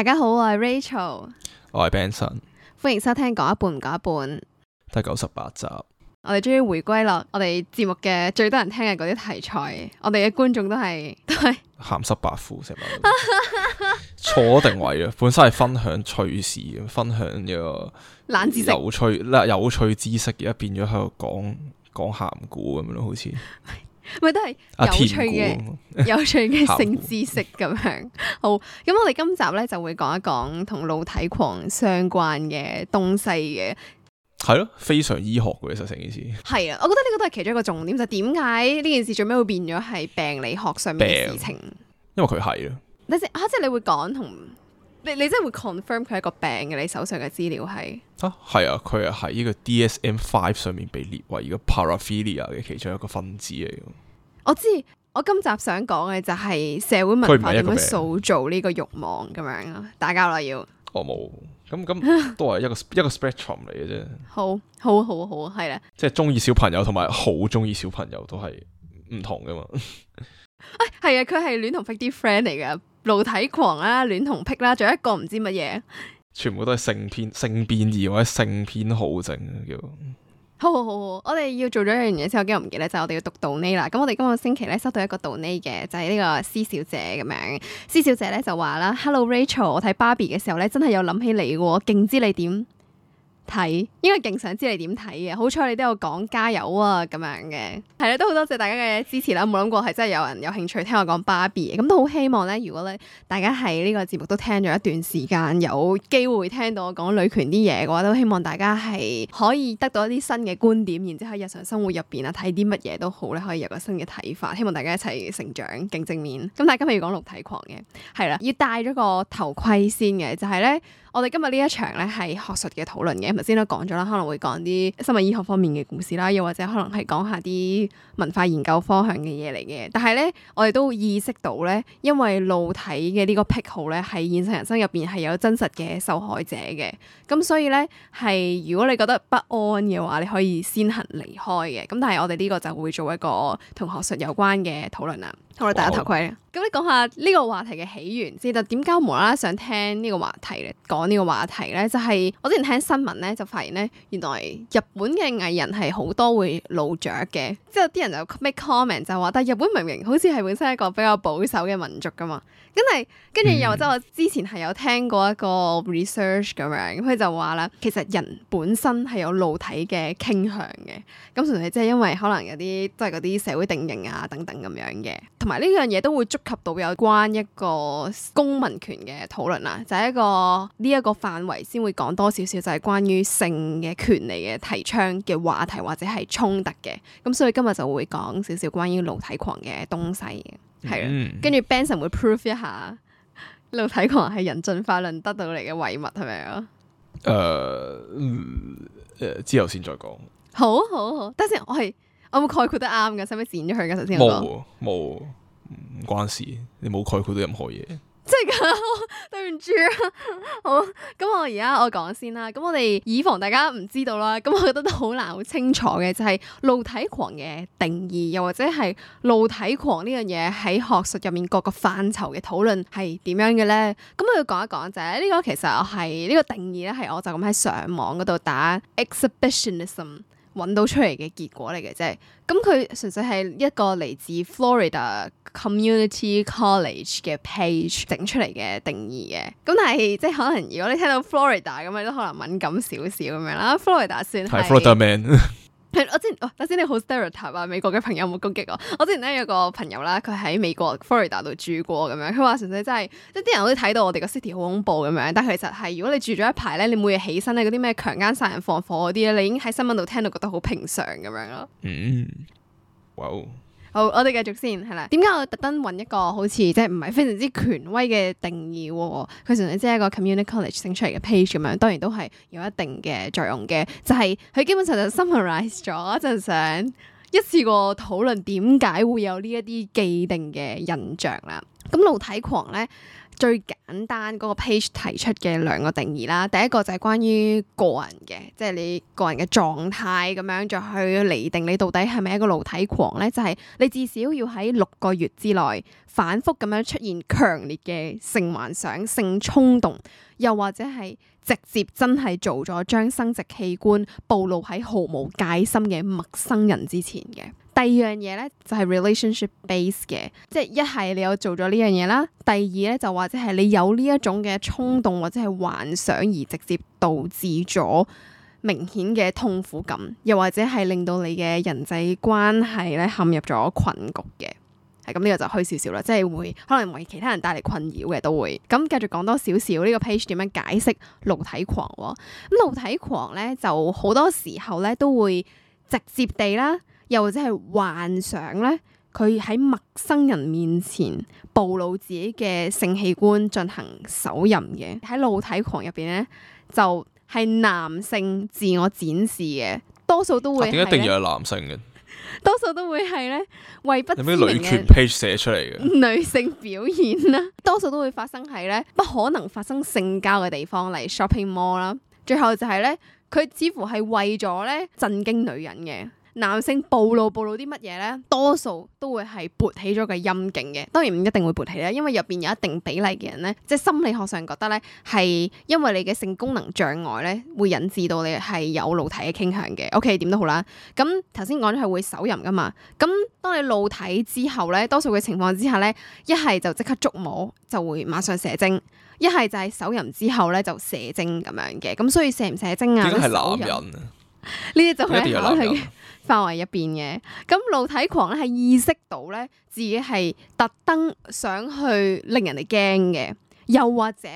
大家好，我係 Rachel，我係 Benson，歡迎收聽《講一半唔講一半》，第九十八集，我哋終於回歸咯，我哋節目嘅最多人聽嘅嗰啲題材，我哋嘅觀眾都係都係鹹濕白富食，錯咗 定位啊！本身係分享趣事，分享呢個冷知識、有趣啦、有趣知識嘅，變咗喺度講講鹹古咁樣咯，好似。咪都係有趣嘅、啊、 有趣嘅性知識咁樣。好，咁我哋今集咧就會講一講同露體狂相關嘅東西嘅。係咯，非常醫學嘅其實成件事。係啊，我覺得呢個都係其中一個重點，就係點解呢件事最尾會變咗係病理學上面嘅事情。因為佢係啊。你即啊，即係你會講同。你，你真係會 confirm 佢係一個病嘅，你手上嘅資料係啊，係啊，佢係喺呢個 DSM 五上面被列為一個 paraphilia 嘅其中一個分子嚟。我知，我今集想講嘅就係社會文化點樣塑造呢個慾望咁樣啊。打交咯要。我冇，咁咁都係一個 一個 spectrum 嚟嘅啫。好好好好，係啦。即係中意小朋友同埋好中意小朋友都係唔同噶嘛。誒、 哎，係啊，佢係戀童癖啲 friend 嚟嘅。露體狂啦、啊，戀童癖啦、啊，仲有一個唔知乜嘢，全部都係性偏、性，變性偏異或者性偏好症、啊、叫。好好好，我哋要做咗一樣嘢之後，驚唔記得，就係、我哋要讀道呢啦。咁我哋今個星期咧收到一個道呢嘅，就係、是、呢個施小姐咁樣。施小姐咧就話啦：，Hello Rachel，我睇芭比嘅時候咧，真係有諗起你喎，勁知你點。睇，應該勁想知你點睇嘅，好彩你都有講加油啊咁樣嘅，係啦，都好多謝大家嘅支持啦，冇諗過係真係有人有興趣聽我講芭比嘅，咁 都好希望咧，如果咧大家喺呢個節目都聽咗一段時間，有機會聽到我講女權啲嘢嘅話，都希望大家係可以得到一啲新嘅觀點，然之後喺日常生活入邊啊睇啲乜嘢都好咧，可以有個新嘅睇法，希望大家一齊成長，勁正面。咁但係今日要講露體狂嘅，係啦，要戴咗個頭盔先嘅，就係、是、咧。我哋今日呢一場咧係學術嘅討論嘅，咁頭先都講咗啦，可能會講啲生物醫學方面嘅故事啦，又或者可能係講下啲文化研究方向嘅嘢嚟嘅。但係咧，我哋都意識到咧，因為露體嘅呢個癖好咧，喺現實人生入邊係有真實嘅受害者嘅。咁所以咧，係如果你覺得不安嘅話，你可以先行離開嘅。咁但係我哋呢個就會做一個同學術有關嘅討論啦。哇好，我哋戴下頭盔。咁你講下呢個話題嘅起源先，但點解我無啦啦想聽呢個話題咧？講呢個話題咧，就係、是、我之前聽新聞咧，就發現咧，原來日本嘅藝人係好多會露雀嘅，之後啲人就 make comment 就話，但係日本明明好似係本身一個比較保守嘅民族噶嘛。跟住，跟住又即係我之前係有聽過一個 research 咁樣，咁佢就話啦，其實人本身係有露體嘅傾向嘅，咁純粹即係因為可能有啲即係嗰啲社會定型啊等等咁樣嘅，同埋呢樣嘢都會觸及到有關一個公民權嘅討論啦，就係一個呢一個範圍先會講多少少，就係關於性嘅權利嘅提倡嘅話題或者係衝突嘅，咁所以今日就會講少少關於露體狂嘅東西嘅。係，跟住 Benson 會 proof 一下，一路睇過係人進化論得到嚟嘅遺物係咪啊？誒，誒、呃嗯，之後先再講。好，好好，等陣先。我係我冇概括得啱㗎，使唔使剪咗佢㗎首先？冇冇，唔關事，你冇概括到任何嘢。即係咁， 對唔住啦， 好，咁我而家我講先啦，咁我哋以防大家唔知道啦，咁我覺得都好難好清楚嘅，就係露體狂嘅定義，又或者係露體狂呢樣嘢喺學術入面各個範疇嘅討論係點樣嘅咧，咁我要講一講就係呢個其實係呢個定義咧，係我就咁喺上網嗰度打 exhibitionism。揾到出嚟嘅結果嚟嘅啫，咁佢純粹係一個嚟自 Florida Community College 嘅 page 整出嚟嘅定義嘅，咁但係即係可能如果你聽到 Florida 咁，你都可能敏感少少咁樣啦。Florida 算係 Man。 係，我之前，頭先你好 stereotype 啊，美國嘅朋友冇攻擊我。我之前咧有個朋友啦，佢喺美國 Florida 度住過咁樣，佢話純粹真係即啲人好似睇到我哋個 city 好恐怖咁樣，但其實係如果你住咗一排咧，你每日起身咧嗰啲咩強姦殺人放火嗰啲咧，你已經喺新聞度聽到覺得好平常咁樣咯。嗯，哇哦。好，我哋繼續先，係啦。點解我特登揾一個好似即係唔係非常之權威嘅定義？佢純粹即係一個 community college 升出嚟嘅 page 咁樣，當然都係有一定嘅作用嘅。就係、是、佢基本上就 summarize 咗，就是、想一次過討論點解會有呢一啲既定嘅印象啦。咁露體狂咧，最簡單嗰個 page 提出嘅兩個定義啦，第一個就係關於個人嘅，即係你個人嘅狀態咁樣，再去釐定你到底係咪一個露體狂咧，就係你至少要喺六個月之內反覆咁樣出現強烈嘅性幻想、性衝動，又或者係直接真係做咗將生殖器官暴露喺毫無戒心嘅陌生人之前嘅。第二樣嘢咧就係、是、relationship base 嘅，即係一係你有做咗呢樣嘢啦。第二咧就或者係你有呢一種嘅衝動或者係幻想而直接導致咗明顯嘅痛苦感，又或者係令到你嘅人際關係咧陷入咗困局嘅。係咁呢個就虛少少啦，即係會可能為其他人帶嚟困擾嘅都會咁、嗯。繼續講多少少呢個 page 點樣解釋露體狂咁、哦？露、嗯、體狂咧就好多時候咧都會直接地啦。又或者係幻想咧，佢喺陌生人面前暴露自己嘅性器官進行手淫嘅，喺露體狂入邊咧，就係、是、男性自我展示嘅，多數都會點一、啊、定係男性嘅，多數都會係咧為不知名寫出嚟嘅女性表現啦。多數都會發生喺咧不可能發生性交嘅地方嚟 shopping mall 啦。最後就係咧，佢似乎係為咗咧震驚女人嘅。男性暴露暴露啲乜嘢咧？多數都會係勃起咗個陰莖嘅，當然唔一定會勃起啦，因為入邊有一定比例嘅人咧，即係心理學上覺得咧係因為你嘅性功能障礙咧會引致到你係有露體嘅傾向嘅。OK 點都好啦，咁頭先講咗係會手淫㗎嘛，咁當你露體之後咧，多數嘅情況之下咧，一係就即刻捉摸就會馬上射精，一係就係手淫之後咧就射精咁樣嘅，咁所以射唔射精啊？點係男人？呢啲就係範圍入邊嘅，咁露體狂咧係意識到咧自己係特登想去令人哋驚嘅，又或者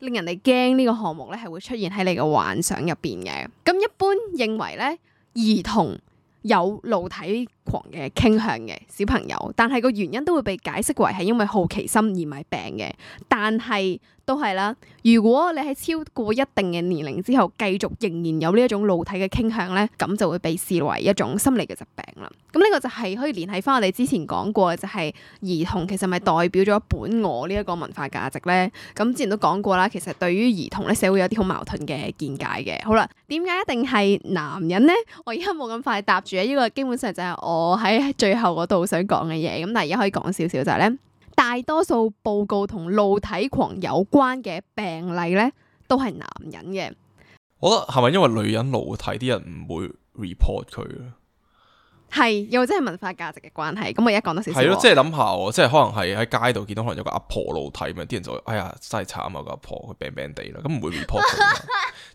令人哋驚呢個項目咧係會出現喺你嘅幻想入邊嘅。咁一般認為咧，兒童有露體狂嘅傾向嘅小朋友，但係個原因都會被解釋為係因為好奇心而唔係病嘅。但係都係啦，如果你喺超過一定嘅年齡之後，繼續仍然有呢一種露體嘅傾向咧，咁就會被視為一種心理嘅疾病啦。咁、嗯、呢、這個就係可以聯繫翻我哋之前講過、就是，就係兒童其實咪代表咗本我呢一個文化價值咧。咁、嗯、之前都講過啦，其實對於兒童咧，社會有啲好矛盾嘅見解嘅。好啦，點解一定係男人咧？我而家冇咁快答住咧，呢、這個基本上就係我。我喺最後嗰度想講嘅嘢，咁但係而家可以講少少就係咧，大多數報告同露體狂有關嘅病例咧，都係男人嘅。我覺得係咪因為女人露體啲人唔會 report 佢啊？係又即係文化價值嘅關係，咁我而家講多少少，係咯，即係諗下，即係可能係喺街度見到可能有個阿婆露體，咁啲人就哎呀，真係慘啊個阿婆，佢病病地啦，咁唔會 report 嘅，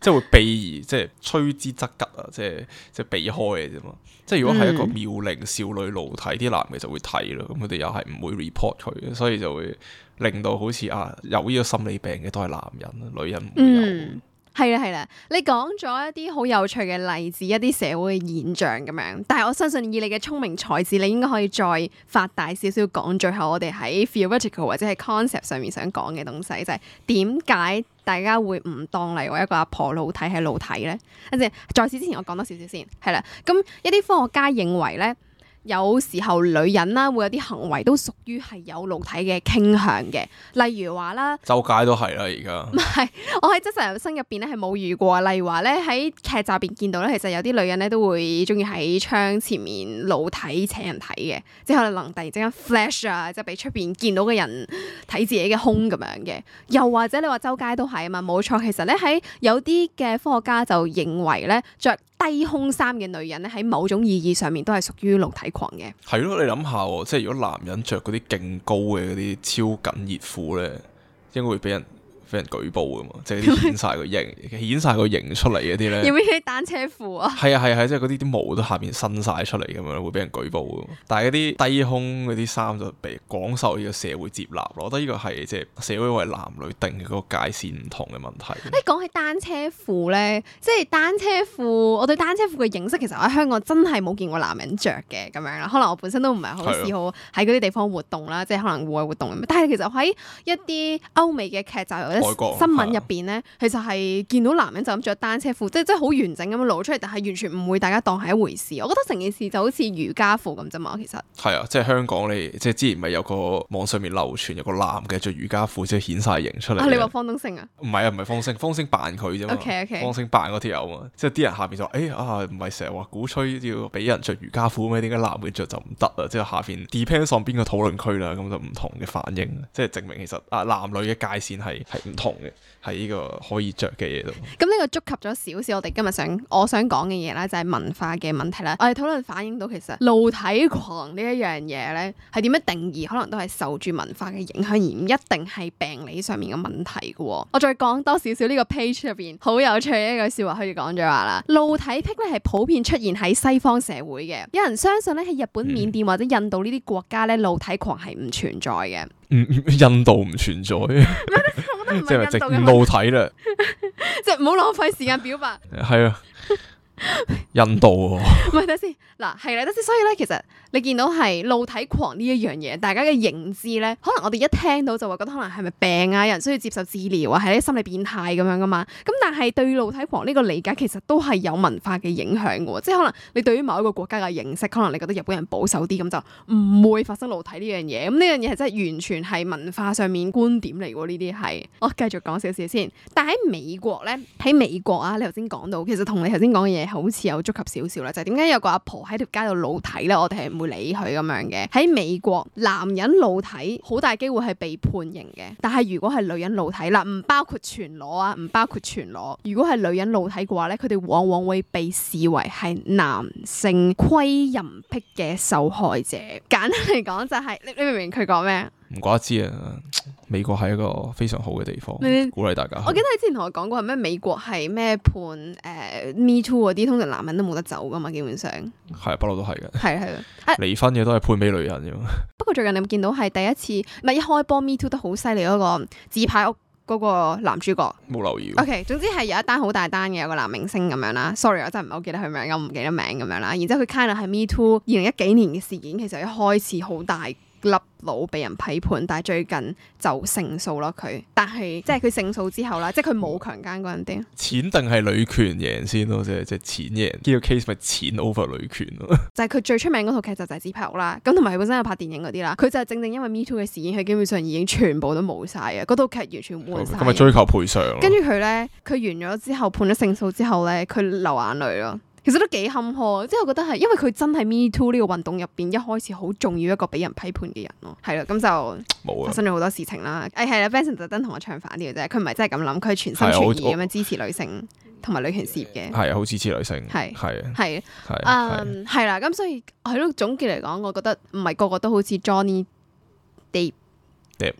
即係會避而即係吹之則吉啊，即係即係避開嘅啫嘛。即係如果係一個妙齡少女露體，啲男嘅就會睇咯，咁佢哋又係唔會 report 佢，所以就會令到好似啊有呢個心理病嘅都係男人，女人唔會有。嗯。係啦係啦，你講咗一啲好有趣嘅例子，一啲社會現象咁樣。但係我相信以你嘅聰明才智，你應該可以再發大少少，講最後我哋喺 theoretical 或者係 concept 上面想講嘅東西，就係點解大家會唔當你一個阿婆老睇係老睇咧？即係在此之前我，我講多少少先，係啦。咁一啲科學家認為咧。有時候女人啦會有啲行為都屬於係有露體嘅傾向嘅，例如話啦，周街都係啦而家。唔係，我喺真實人生入邊咧係冇遇過，例如話咧喺劇集入邊見到咧，其實有啲女人咧都會中意喺窗前面露體請人睇嘅，之後咧可能突然之間 flash 啊，即係俾出邊見到嘅人睇自己嘅胸咁樣嘅。又或者你話周街都係啊嘛，冇錯。其實咧喺有啲嘅科學家就認為咧著。低胸衫嘅女人咧，喺某種意義上面都係屬於露體狂嘅。係咯，你諗下喎，即係如果男人着嗰啲勁高嘅嗰啲超緊熱褲咧，應該會俾人。俾人舉報嘅嘛，即係顯晒個型， 顯晒個型出嚟嗰啲咧。有冇啲單車褲啊？係啊係啊，即係嗰啲啲毛都下邊伸晒出嚟咁樣，會俾人舉報嘅。但係嗰啲低胸嗰啲衫就被廣受呢個社會接納咯。我覺得呢個係即係社會為男女定嘅個界線唔同嘅問題。你講起單車褲咧，即係單車褲，我對單車褲嘅認識其實喺香港真係冇見過男人着嘅咁樣啦。可能我本身都唔係好喜好喺嗰啲地方活動啦，的即係可能戶外活動咁。但係其實喺一啲歐美嘅劇集新聞入邊咧，其實係見到男人就咁着單車褲，即係即係好完整咁露出嚟，但係完全唔會大家當係一回事。我覺得成件事就好似瑜伽褲咁啫嘛，其實係啊，即係香港你即係之前咪有個網上面流傳有個男嘅着瑜伽褲即係顯晒形出嚟，啊。你話方東昇啊？唔係啊，唔係方昇，方昇扮佢啫 嘛。OK OK 方。方昇扮嗰條友啊，即係啲人下邊就誒啊，唔係成日話鼓吹要俾人着瑜伽褲咩？點解男嘅着就唔得啊？之後下邊 depends on 邊個討論區啦，咁就唔同嘅反應，即係證明其實啊，男女嘅界線係係。是唔同嘅，喺呢個可以着嘅嘢度。咁呢個觸及咗少少我哋今日想我想講嘅嘢啦，就係文化嘅問題啦。我哋討論反映到，其實露體狂呢一樣嘢咧，係點樣定義？可能都係受住文化嘅影響，而唔一定係病理上面嘅問題噶。我再講多少少呢個 page 入邊好有趣嘅一個笑話可以講咗話啦。露體癖咧係普遍出現喺西方社會嘅。有人相信咧喺日本、緬甸或者印度呢啲國家咧，嗯、露體狂係唔存在嘅、嗯。印度唔存在。 即係直眼睇啦，即係唔好浪費時間表白。係啊。印度喎、哦， 唔係睇先嗱，係嚟得先，所以咧，其實你見到係露體狂呢一樣嘢，大家嘅認知咧，可能我哋一聽到就話覺得可能係咪病啊，有人需要接受治療啊，係啲心理變態咁樣噶嘛，咁但係對露體狂呢個理解，其實都係有文化嘅影響噶，即係可能你對於某一個國家嘅認識，可能你覺得日本人保守啲，咁就唔會發生露體呢樣嘢，咁呢樣嘢係真係完全係文化上面觀點嚟噶，呢啲係，我繼續講少少先，但喺美國咧，喺美國啊，你頭先講到，其實同你頭先講嘅嘢。好似有觸及少少啦，就點解有個阿婆喺條街度露體咧，我哋係唔會理佢咁樣嘅。喺美國，男人露體好大機會係被判刑嘅，但係如果係女人露體啦，唔包括全裸啊，唔包括全裸。如果係女人露體嘅話咧，佢哋往往會被視為係男性窺淫癖嘅受害者。簡單嚟講就係，你你明唔明佢講咩？唔怪之啊！美國係一個非常好嘅地方，白鼓勵大家。我記得你之前同我講過，係咩美國係咩判誒、呃、Me Too 嗰啲，通常男人都冇得走噶嘛，基本上係不嬲都係嘅。係啊係啊，離婚嘅都係判俾女人咋嘛。不過最近你有冇見到係第一次，唔係一開波 Me Too 都好犀利嗰個紙牌屋嗰個男主角冇留意。OK，總之係有一單好大單嘅，有個男明星咁樣啦。Sorry，我真係唔係好記得佢名，我唔記得名咁樣啦。然之後佢 kind of 係 Me Too 二零一幾年嘅事件，其實一開始好大。粒佬俾人批判，但係最近就勝訴咯佢，但係即係佢勝訴之後啦、嗯啊，即係佢冇強姦嗰陣啲錢定係女權贏先咯，即係即係錢贏呢個 case 咪錢 over 女權咯。啊，就係佢最出名嗰套劇集就係紙牌屋啦，咁同埋佢本身有拍電影嗰啲啦，佢就正正因為 Me Too 嘅事件，佢基本上已經全部都冇晒嘅，嗰套劇完全冇晒。咁咪，嗯、追求賠償，跟住佢咧，佢完咗之後判咗勝訴之後咧，佢流眼淚咯。其實都幾坎坷，即係我覺得係因為佢真係 Me Too 呢個運動入邊一開始好重要一個俾人批判嘅人咯，係啦，咁就發生咗好多事情啦。誒係啦，Benson 特登同我唱反調啫，佢唔係真係咁諗，佢係全心全意咁樣支持女性同埋女權事業嘅，係啊，好支持女性，係係係，嗯係啦，咁所以係咯，總結嚟講，我覺得唔係個個都好似 Johnny Depp。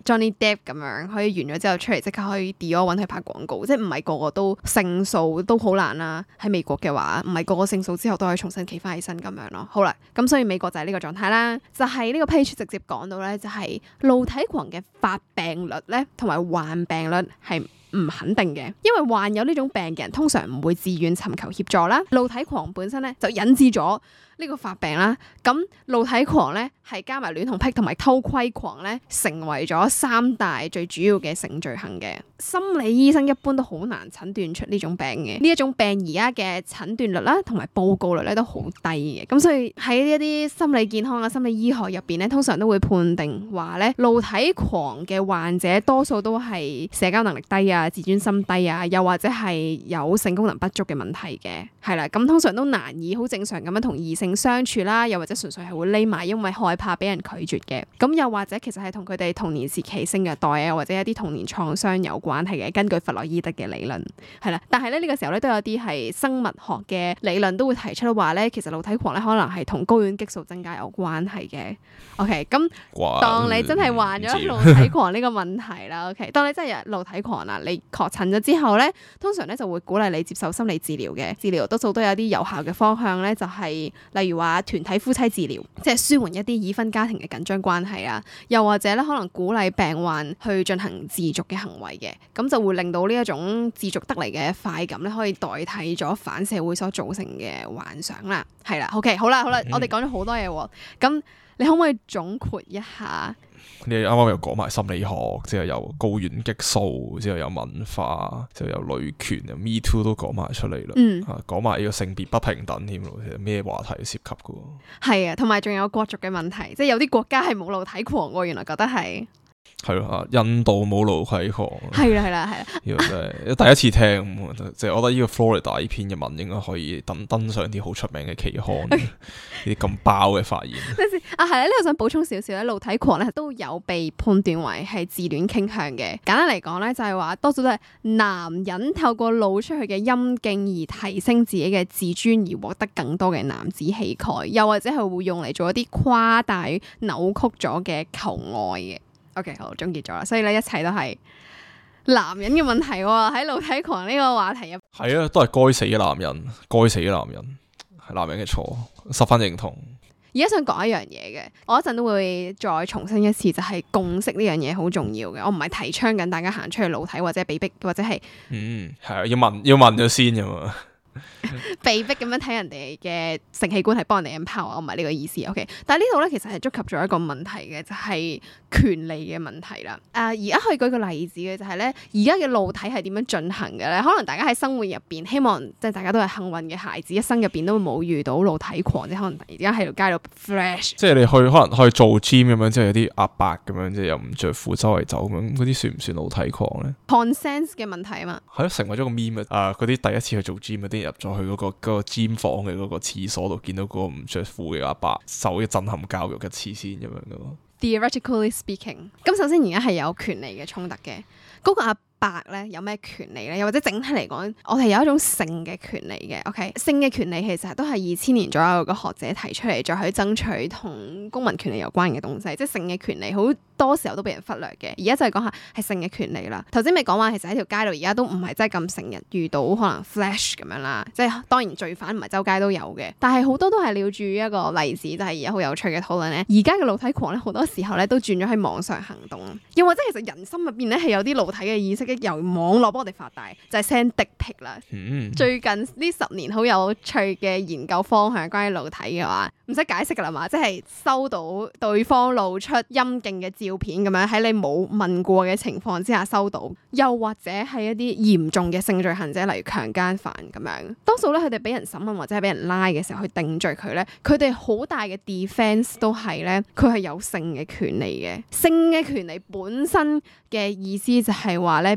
Johnny Depp 咁樣可以完咗之後出嚟，即刻可以 Dior 揾佢拍廣告，即係唔係個個都勝訴都好難啦、啊。喺美國嘅話，唔係個個勝訴之後都可以重新企翻起身咁樣咯。好啦，咁、嗯、所以美國就係呢個狀態啦。就係、是、呢個 Page 直接講到咧，就係、是、露體狂嘅發病率咧，同埋患病率係。唔肯定嘅，因為患有呢種病嘅人通常唔會自願尋求協助啦。露體狂本身咧就引致咗呢個發病啦。咁露體狂咧係加埋戀童癖同埋偷窺狂咧，成為咗三大最主要嘅性罪行嘅。心理醫生一般都好難診斷出呢種病嘅，呢一種病而家嘅診斷率啦，同埋報告率咧都好低嘅。咁所以喺呢一啲心理健康啊、心理醫學入邊咧，通常都會判定話咧，露體狂嘅患者多數都係社交能力低啊、自尊心低啊，又或者係有性功能不足嘅問題嘅，係啦。咁通常都難以好正常咁樣同異性相處啦，又或者純粹係會匿埋，因為害怕俾人拒絕嘅。咁又或者其實係同佢哋童年時期性虐待啊，或者一啲童年創傷有關。關係嘅，根據弗洛伊德嘅理論係啦，但係咧呢、這個時候咧都有啲係生物學嘅理論都會提出話咧，其實露體狂咧可能係同睾丸激素增加有關係嘅。OK，咁、嗯、當你真係患咗露體狂呢個問題啦，OK， 當你真係露體狂啦，你確診咗之後咧，通常咧就會鼓勵你接受心理治療嘅治療，多數都有啲有效嘅方向咧，就係、是、例如話團體夫妻治療，即係舒緩一啲已婚家庭嘅緊張關係啊，又或者咧可能鼓勵病患去進行自瀆嘅行為嘅。咁就會令到呢一種自足得嚟嘅快感咧，可以代替咗反社會所造成嘅幻想啦。係啦，OK，好啦，好啦，我哋講咗好多嘢，咁、嗯、你可唔可以總括一下？你啱啱又講埋心理學，之後有睾丸激素，之後有文化，之後有女權有，me too 都講埋出嚟啦。嗯，啊、講埋呢個性別不平等添啦，其實咩話題都涉及噶？係啊，同埋仲有國族嘅問題，即係有啲國家係冇露體狂喎。原來覺得係。係咯，印度冇露體狂。係啦，係啦，係啦，呢個真係第一次聽。即係 我覺得呢個 Florida 篇嘅文，應該可以登登上啲好出名嘅期刊，呢啲咁包嘅發現。啊，係啦，呢度想補充少少咧，露體狂咧都有被判斷為係自戀傾向嘅。簡單嚟講咧，就係話多數都係男人透過露出去嘅陰莖而提升自己嘅自尊，而獲得更多嘅男子氣概，又或者係會用嚟做一啲誇大扭曲咗嘅求愛嘅。OK，好，終結咗啦。所以咧，一切都係男人嘅問題喎，哦。喺露體狂呢個話題入，係啊，都係該死嘅男人，該死嘅男人，係男人嘅錯，十分認同。而家想講一樣嘢嘅，我一陣都會再重申一次，就係，是，共識呢樣嘢好重要嘅。我唔係提倡緊大家行出去露體或者被逼或者係，嗯，係啊，要問要問咗先嘅嘛。 被逼咁樣睇人哋嘅性器官係幫人哋 empower，我唔係呢個意思，OK？但係呢度咧其實係觸及咗一個問題嘅，就係、是、權利嘅問題啦。誒、呃，而家可以舉個例子嘅就係、是、咧，而家嘅露體係點樣進行嘅咧？可能大家喺生活入邊，希望即係大家都係幸運嘅孩子，一生入邊都冇遇到露體狂，即可能而家喺條街度 flash，即係你去可能去做 gym 咁樣，即係有啲阿伯咁樣，即係又唔着褲周圍走咁樣，嗰啲算唔算露體狂咧？consent 嘅問題啊嘛，係咯，成為咗個 meme，誒、呃，嗰啲第一次去做 gym 啲。入咗去嗰個嗰個 gym 房嘅嗰個廁所度，見到個唔着褲嘅阿伯受一震撼教育嘅黐線咁樣咯。Theoretically speaking，咁首先而家係有權利嘅衝突嘅，嗰個阿。白咧有咩權利咧？又或者整體嚟講，我哋有一種性嘅權利嘅，OK？性嘅權利其實都係二千年左右嘅學者提出嚟，再去爭取同公民權利有關嘅東西，即係性嘅權利好多時候都俾人忽略嘅。而家就係講下係性嘅權利啦。頭先咪講話其實喺條街度，而家都唔係真係咁成日遇到可能 flash 咁樣啦。即係當然罪犯唔係周街都有嘅，但係好多都係聊住一個例子，就係而家好有趣嘅討論咧。而家嘅露體狂咧，好多時候咧都轉咗喺網上行動，又或者其實人心入邊咧係有啲露體嘅意識。由網絡幫我哋發大就係 send dick pic 啦。嗯、最近呢十年好有趣嘅研究方向，關於露體嘅話，唔使解釋噶啦嘛，即係收到對方露出陰莖嘅照片咁樣，喺你冇問過嘅情況之下收到，又或者係一啲嚴重嘅性罪行者，例如強姦犯咁樣，多數咧佢哋俾人審問或者係俾人拉嘅時候去定罪佢咧，佢哋好大嘅 defense 都係咧，佢係有性嘅權利嘅，性嘅權利本身嘅意思就係話咧。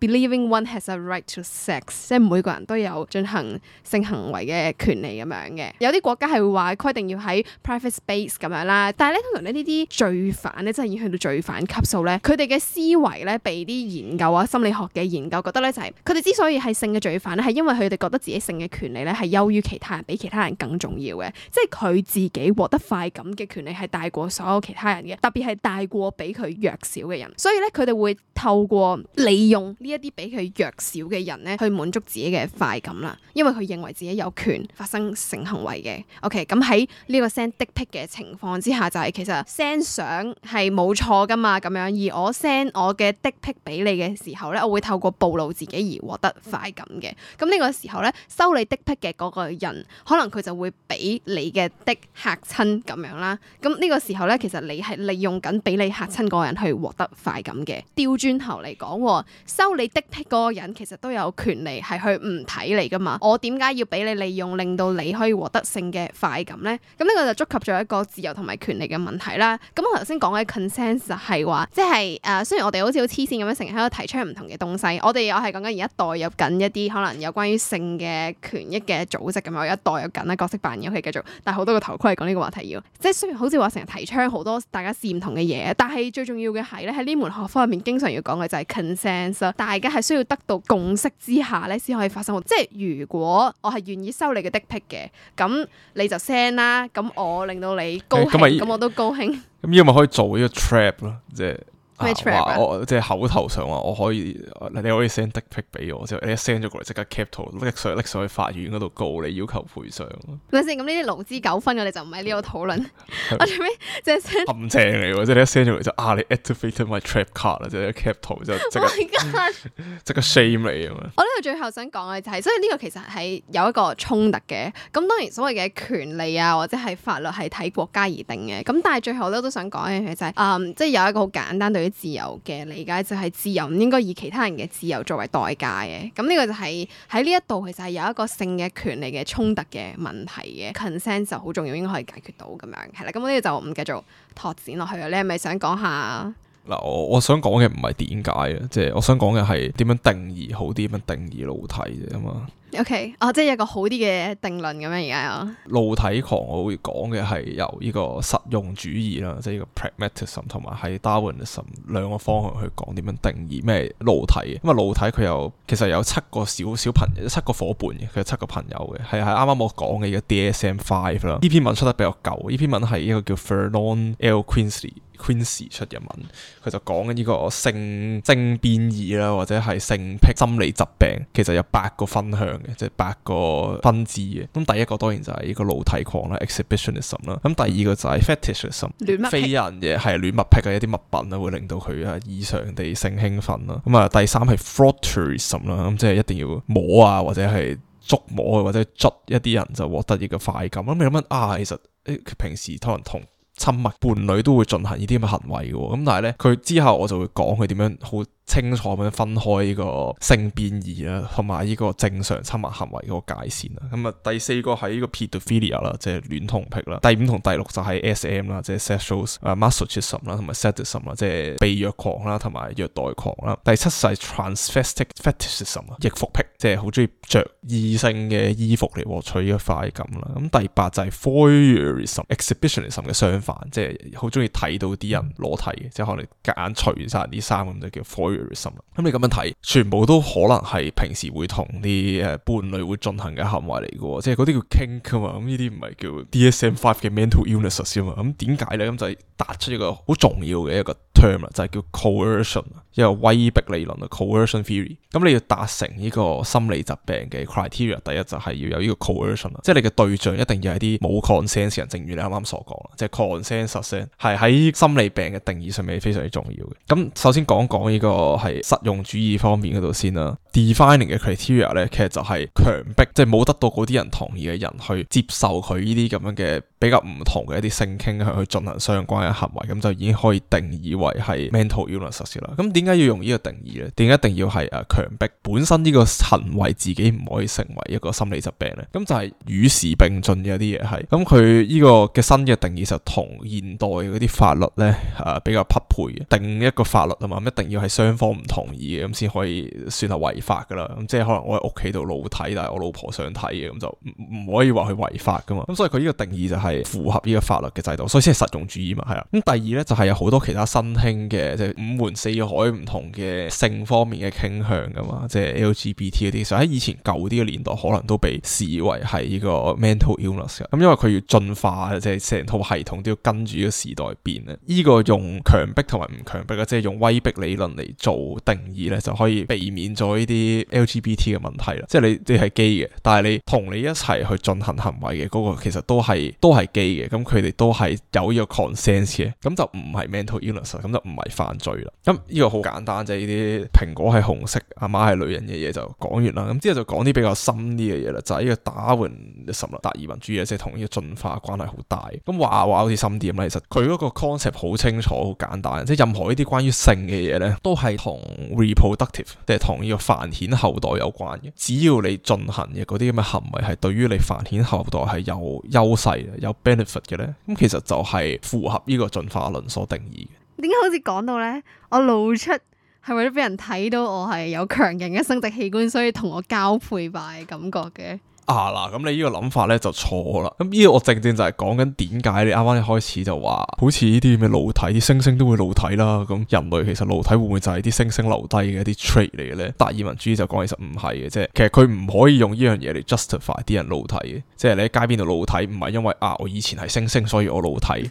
Believing one has a right to sex，即係每個人都有進行性行為嘅權利咁樣嘅。有啲國家係會話規定要喺 private space 咁樣啦。但係咧，通常咧，呢啲罪犯咧真係已經去到罪犯級數咧。佢哋嘅思維咧，被啲研究啊、心理學嘅研究覺得咧就係佢哋之所以係性嘅罪犯咧，係因為佢哋覺得自己性嘅權利咧係優於其他人，比其他人更重要嘅。即係佢自己獲得快感嘅權利係大過所有其他人嘅，特別係大過比佢弱小嘅人。所以咧，佢哋會透過利用。一啲比佢弱小嘅人咧，去滿足自己嘅快感啦，因為佢認為自己有權發生性行為嘅。OK，咁喺呢個 send dick pic 嘅情況之下，就係其實 send 相係冇錯噶嘛，咁樣。而我 send 我嘅 dick pic 俾你嘅時候咧，我會透過暴露自己而獲得快感嘅。咁呢個時候咧，收你 dick pic 嘅嗰個人，可能佢就會俾你嘅 dick 嚇親咁樣啦。咁呢個時候咧，其實你係利用緊俾你嚇親嗰個人去獲得快感嘅。調轉頭嚟講，哦，收。你的癖嗰個人其實都有權利係去唔睇你㗎嘛。我點解要俾你利用，令到你可以獲得性嘅快感咧？咁呢個就觸及咗一個自由同埋權利嘅問題啦。咁我頭先講嘅 consent 就係話，即係誒、呃，雖然我哋好似好黐線咁樣，成日喺度提倡唔同嘅東西。我哋又係講緊而家代入緊一啲可能有關於性嘅權益嘅組織咁樣，有一代入緊啦，角色扮演，可以繼續。但好多個頭盔嚟講呢個話題要，即係雖然好似話成日提倡好多大家試唔同嘅嘢，但係最重要嘅係咧，喺呢門學科入面經常要講嘅就係 consent 啊，但大家係需要得到共識之下咧，先可以發生。即係如果我係願意收你嘅 dick pic 嘅，咁你就 send 啦。咁我令到你高興，咁、欸、我都高興。咁依家咪可以做呢個 trap 咯，即係。啊、我即係口頭上話我可以，你可以 send dick pic 俾我，之後你一 send 咗過嚟，即刻 cap 圖，拎上拎上去法院嗰度告你，要求賠償。咪先，咁呢啲勞資糾紛我哋就唔喺呢度討論。吧 我最尾即係 send，冚正嚟喎！即係 你一 send 咗嚟就啊，你 activated my trap card 啦，oh、 即係 cap 圖就。My God 即刻 shame 你咁樣！我呢度最後想講嘅就係、是，所以呢個其實係有一個衝突嘅。咁當然所謂嘅權利啊，或者係法律係睇國家而定嘅。咁但係最後咧，都想講一樣嘢就係，即係有一個好簡單對自由嘅理解就係、是、自由唔應該以其他人嘅自由作為代價嘅，咁呢個就係喺呢一度其實係有一個性嘅權利嘅衝突嘅問題嘅，consent 就好重要，應該可以解決到咁樣，係啦，咁我呢度就唔繼續拓展落去啦，你係咪想講下？嗱，我想、就是、我想講嘅唔係點解啊，即係我想講嘅係點樣定義好啲，點樣定義露體啫嘛。O K，哦，okay. oh, 即係一個好啲嘅定論咁樣而家啊。露體狂我會講嘅係由呢個實用主義啦，即係呢個 pragmatism 同埋喺 Darwinism 兩個方向去講點樣定義咩露體。咁啊露體佢有其實有七個小小朋友，七個伙伴嘅，佢有七個朋友嘅，係係啱啱我講嘅依個 DSM Five 啦。呢篇文出得比較舊，呢篇文係一個叫 Vernon L. Quinsey Quinsey 出嘅文，佢就講緊呢個性性變異啦，或者係性癖心理疾病，其實有八個分項。即係八個分支嘅，咁、嗯、第一個當然就係呢個露體狂啦，exhibitionism 啦，咁、呃呃、第二個就係 fetishism，非人嘅係戀物癖嘅一啲物品啊，會令到佢啊異常地性興奮啦，咁、嗯、啊、呃、第三係 frotteurism 啦、嗯，咁即係一定要摸啊，或者係捉摸啊，或者捉一啲人就獲得呢個快感。咁、嗯、你諗下啊，其實、呃、平時可能同親密伴侶都會進行呢啲咁嘅行為嘅，咁、嗯、但係咧佢之後我就會講佢點樣好。清楚咁分開呢個性變異啦、啊，同埋呢個正常親密行為嗰個界線啦、啊。咁、嗯、啊，第四個係呢個 pedophilia 啦，即係戀童癖啦。第五同第六就係 SM 啦，即係 sexual、uh, masochism 啦，同埋 sadism 啦，即係被虐狂啦，同埋虐待狂啦。第七就係 transvestic fetishism 啊，易服癖，即係好中意着異性嘅衣服嚟獲取嘅快感啦。咁、嗯、第八就係 voyeurism、mm. exhibitionism 嘅相反，mm. 即係好中意睇到啲人裸體嘅，mm. 即係可能夾硬除完曬啲衫咁就叫咁你咁樣睇，全部都可能係平時會同啲誒伴侶會進行嘅行為嚟嘅，即係嗰啲叫 kink 噶嘛。咁呢啲唔係叫 DSM 五嘅 mental illnesses 啊嘛。咁點解咧？咁就係突出一個好重要嘅一個 term 啊，就係叫 coercion，一個威逼理論啊，coercion theory。咁你要達成呢個心理疾病嘅 criteria，第一就係要有呢個 coercion，啊。即係你嘅對象一定要係啲冇 consent 嘅人，正如你啱啱所講啦，即、就、係、是、consent absent 係喺心理病嘅定義上面非常之重要嘅。咁首先講講呢、呢個。個係實用主義方面嗰度先啦、啊。defining 嘅 criteria 咧，其實就係強迫，即係冇得到嗰啲人同意嘅人去接受佢呢啲咁樣嘅比較唔同嘅一啲性傾向去進行相關嘅行為，咁就已經可以定義為係 mental illness 啦。咁點解要用呢個定義咧？點解一定要係誒、啊、強迫本身呢個行為自己唔可以成為一個心理疾病咧？咁就係與時並進嘅一啲嘢，係咁，佢呢個嘅新嘅定義就同現代嗰啲法律咧誒、啊、比較匹配嘅。定一個法律啊嘛，一定要係雙方唔同意嘅咁先可以算係違法噶啦，咁、嗯、即係可能我喺屋企度老睇，但係我老婆想睇嘅，咁、嗯、就唔可以話佢違法噶嘛。咁、嗯、所以佢呢個定義就係符合呢個法律嘅制度，所以先係實用主義嘛，係啦。咁、嗯、第二咧就係、是、有好多其他新興嘅，即係五湖四海唔同嘅性方面嘅傾向噶嘛，即係 LGBT 嗰啲。其實喺以前舊啲嘅年代，可能都被視為係呢個 mental illness 咁、嗯、因為佢要進化，即係成套系統都要跟住呢個時代變啊。呢、這個用強迫同埋唔強迫，啊，即係用威逼理論嚟做定義咧，就可以避免咗啲 LGBT 嘅問題啦，即係你你係 gay 嘅，但係你同你一齊去進行行為嘅嗰個其實都係都係 gay 嘅，咁佢哋都係有依個 consent 嘅，咁就唔係 mental illness，咁就唔係犯罪啦。咁呢個好簡單啫，呢啲蘋果係紅色、阿媽係女人嘅嘢就講完啦。咁之後就講啲比較深啲嘅嘢啦，就係依個打十六達爾文主義，即係同呢個進化關係好大。咁話話好似深啲咁啦，其實佢嗰個 concept 好清楚、好簡單，即係任何一啲關於性嘅嘢咧，都係同 reproductive，即係同呢個發繁衍後代有關嘅，只要你進行嘅嗰啲咁嘅行為係對於你繁衍後代係有優勢、有 benefit 嘅咧，咁其實就係符合呢個進化論所定義嘅。點解好似講到咧，我露出係為咗俾人睇到我係有強勁嘅生殖器官，所以同我交配吧嘅感覺嘅？啊嗱，咁你個呢個諗法咧就錯啦。咁呢個我正正就係講緊點解你啱啱一開始就話，好似呢啲咁嘅露體，啲猩猩都會露體啦。咁人類其實露體會唔會就係啲猩猩留低嘅一啲 trait 嚟嘅咧？達爾文主義就講，其實唔係嘅即係。其實佢唔可以用呢樣嘢嚟 justify 啲人露體嘅，即係你喺街邊度露體，唔係因為啊我以前係猩猩，所以我露體。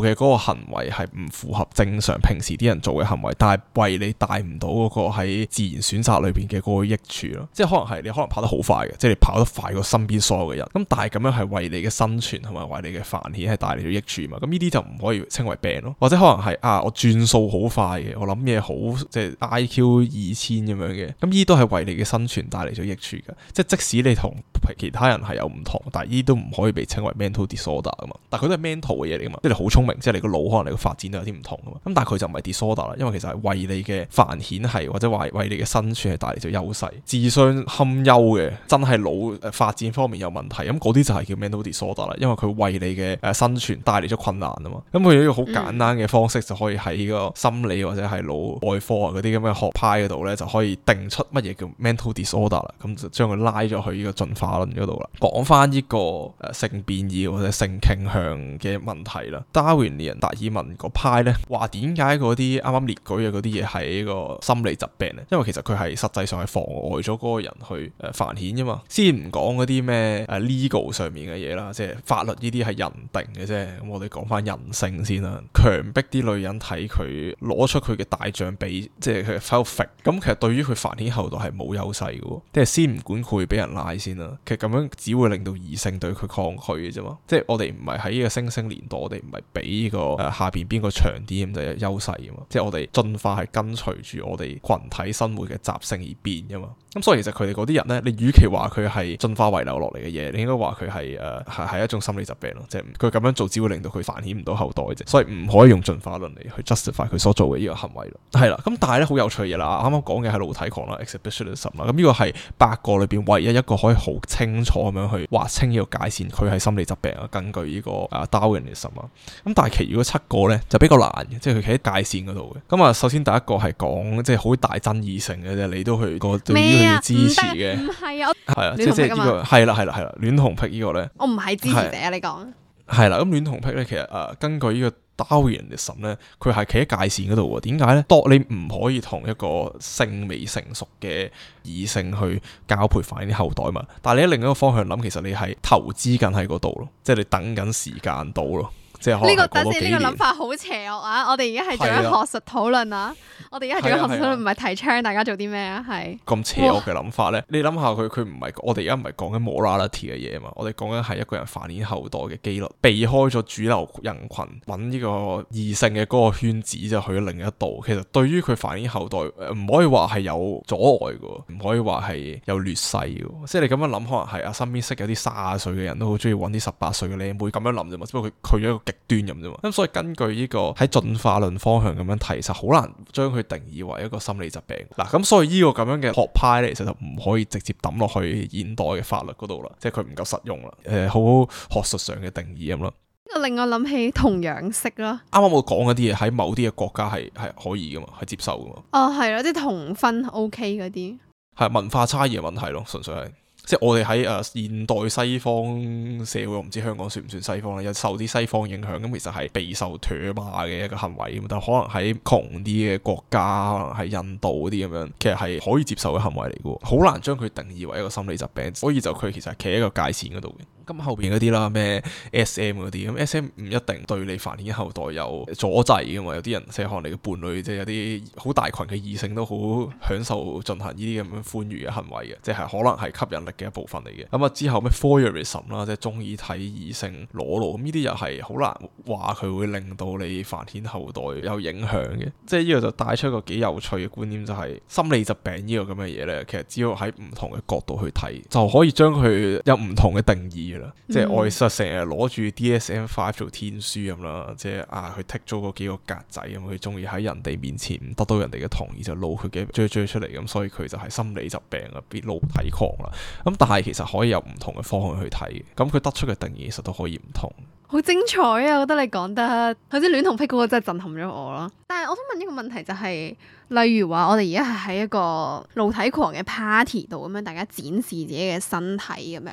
嘅嗰個行為係唔符合正常平時啲人做嘅行為，但係為你帶唔到嗰個喺自然選擇裏邊嘅嗰個益處咯。即係可能係你可能跑得好快嘅，即係你跑得快過身邊所有嘅人。咁但係咁樣係為你嘅生存同埋為你嘅繁衍，係帶嚟咗益處嘛。咁呢啲就唔可以稱為病咯。或者可能係啊，我轉數好快嘅，我諗嘢好即係 I Q 二千咁樣嘅。咁呢都係為你嘅生存帶嚟咗益處噶。即係即使你同其他人係有唔同，但係呢都唔可以被稱為 mental disorder 啊嘛。但係佢都係 mental 嘅嘢嚟嘛，即係好聰明即係你個腦可能你個發展都有啲唔同噶嘛，咁但係佢就唔係 disorder 啦，因為其實係為你嘅繁衍係或者為為你嘅生存係，生存係帶嚟咗優勢，智商堪憂嘅，真係腦誒發展方面有問題，咁嗰啲就係叫 mental disorder 啦，因為佢為你嘅誒、呃、生存帶嚟咗困難啊嘛，咁、嗯、佢、嗯、有一個好簡單嘅方式就可以喺呢個心理或者係腦外科啊嗰啲咁嘅學派嗰度咧就可以定出乜嘢叫 mental disorder 啦，咁、嗯、就將佢拉咗去呢個進化論嗰度啦，講翻呢、這個誒、呃、性變異或者性傾向嘅問題啦，完獵人達爾文嗰派呢，話點解嗰啲啱啱列舉嘅嗰啲嘢係一個心理疾病呢？因為其實佢係實際上係妨礙咗嗰個人去誒、呃、繁衍啫嘛。先唔講嗰啲咩誒 legal 上面嘅嘢啦，即係法律呢啲係人定嘅啫。咁、嗯、我哋講翻人性先啦，強迫啲女人睇佢攞出佢嘅大象髀，即係佢喺度揈。咁、嗯、其實對於佢繁衍後代係冇優勢嘅啊，即係先唔管佢會俾人拉先啦。其實咁樣只會令到異性對佢抗拒嘅啫嘛。即係我哋唔係喺呢個星星年代，我哋唔係俾。呢、這個誒、呃、下邊邊個長啲咁就是、有優勢啊嘛，即係我哋進化係跟隨住我哋群體生活嘅習性而變啊嘛，咁所以其實佢哋嗰啲人咧，你與其話佢係進化遺留落嚟嘅嘢，你應該話佢係誒係係一種心理疾病咯，即係佢咁樣做只會令到佢繁衍唔到後代啫，所以唔可以用進化論嚟去 justify 佢所做嘅呢個行為咯，係啦，咁、嗯、但係咧好有趣嘢啦，啱啱講嘅係露體狂啦，exhibitionism 啦，咁呢、嗯這個係八個裏邊唯一一個可以好清楚咁樣去劃清呢個界線，佢係心理疾病啊，根據呢、這個誒 Darwinism 啊，咁、uh,。但係，其餘嗰七個咧就比較難嘅，即係佢企喺界線嗰度嘅。咁啊，首先第一個係講，即係好大爭議性嘅，就你都去過對於佢嘅支持嘅，唔係啊，係啊，即係呢個係啦，係啦，係啦，戀童癖呢個咧，我唔係的支持者、啊。你講係啦，咁戀童癖咧，其實誒、啊，根據呢個 Darwinism 咧，佢係企喺界線嗰度嘅。點解咧？當你唔可以同一個性未成熟嘅異性去交配，繁衍啲後代嘛。但係你喺另一個方向諗，其實你係投資緊喺嗰度咯，即係你等緊時間到咯。呢、這個等陣呢個諗法好邪惡啊！ 我哋而家係做緊學術討論啊！啊我哋而家做緊學術討論，唔係、啊啊、提倡大家做啲咩啊？係咁邪惡嘅諗法咧，哇你諗下佢佢唔係我哋而家唔係講緊 morality 嘅嘢啊嘛？我哋講緊係一個人繁衍後代嘅機率，避開咗主流人群揾呢個異性嘅嗰個圈子就去咗另一度。其實對於佢繁衍後代，唔可以話係有阻礙嘅，唔可以話係有劣勢嘅。即係你咁樣諗，可能係啊，身邊識有啲卅歲嘅人都好中意揾啲十八歲嘅靚妹，咁樣諗啫嘛。只不過佢佢咗。極端咁啫嘛，咁所以根據呢個喺進化論方向咁樣睇，其實好難將佢定義為一個心理疾病。嗱，咁所以呢個咁樣嘅學派咧，其實就唔可以直接抌落去現代嘅法律嗰度啦，即係佢唔夠實用啦。誒，好學術上嘅定義咁咯。呢個令我諗起同樣式咯。啱啱我講嗰啲嘢，喺某啲嘅國家係係可以噶嘛，係接受噶嘛。哦，係咯，即係同婚 OK 嗰啲，係文化差異嘅問題咯，純粹係。即係我哋喺誒現代西方社會，我唔知香港算唔算西方啦，有受啲西方影響，咁、嗯、其實係備受唾罵嘅一個行為，咁但係可能喺窮啲嘅國家，可能係印度嗰啲咁樣，其實係可以接受嘅行為嚟嘅，好難將佢定義為一個心理疾病，所以就佢其實係企喺一個界線嗰度嘅。咁後邊嗰啲啦，咩 S.M. 啲，咁 S.M. 唔一定對你繁衍後代有阻滯嘅嘛。有啲人即係可能你嘅伴侶，即係有啲好大群嘅異性都好享受進行呢啲咁樣歡愉嘅行為嘅，即係可能係吸引力嘅一部分嚟嘅。咁啊之後咩 voyeurism、er、啦，即係中意睇異性裸露，咁呢啲又係好難話佢會令到你繁衍後代有影響嘅。即係呢個就帶出一個幾有趣嘅觀點、就是，就係心理疾病呢個咁嘅嘢呢，其實只要喺唔同嘅角度去睇，就可以將佢有唔同嘅定義。嗯、即係我其實成日攞住 DSM 五做天書咁啦，即係啊，佢剔咗嗰幾個格仔，咁佢中意喺人哋面前唔得到人哋嘅同意就露佢嘅最最出嚟，咁所以佢就係心理疾病啊，變露體狂啦。咁但係其實可以有唔同嘅方向去睇，咁佢得出嘅定義其實都可以唔同。好精彩啊！我覺得你講得佢啲戀童癖嗰個真係震撼咗我咯。但係我想問一個問題，就是，就係例如話我哋而家係喺一個露體狂嘅 party 度咁樣，大家展示自己嘅身體咁樣。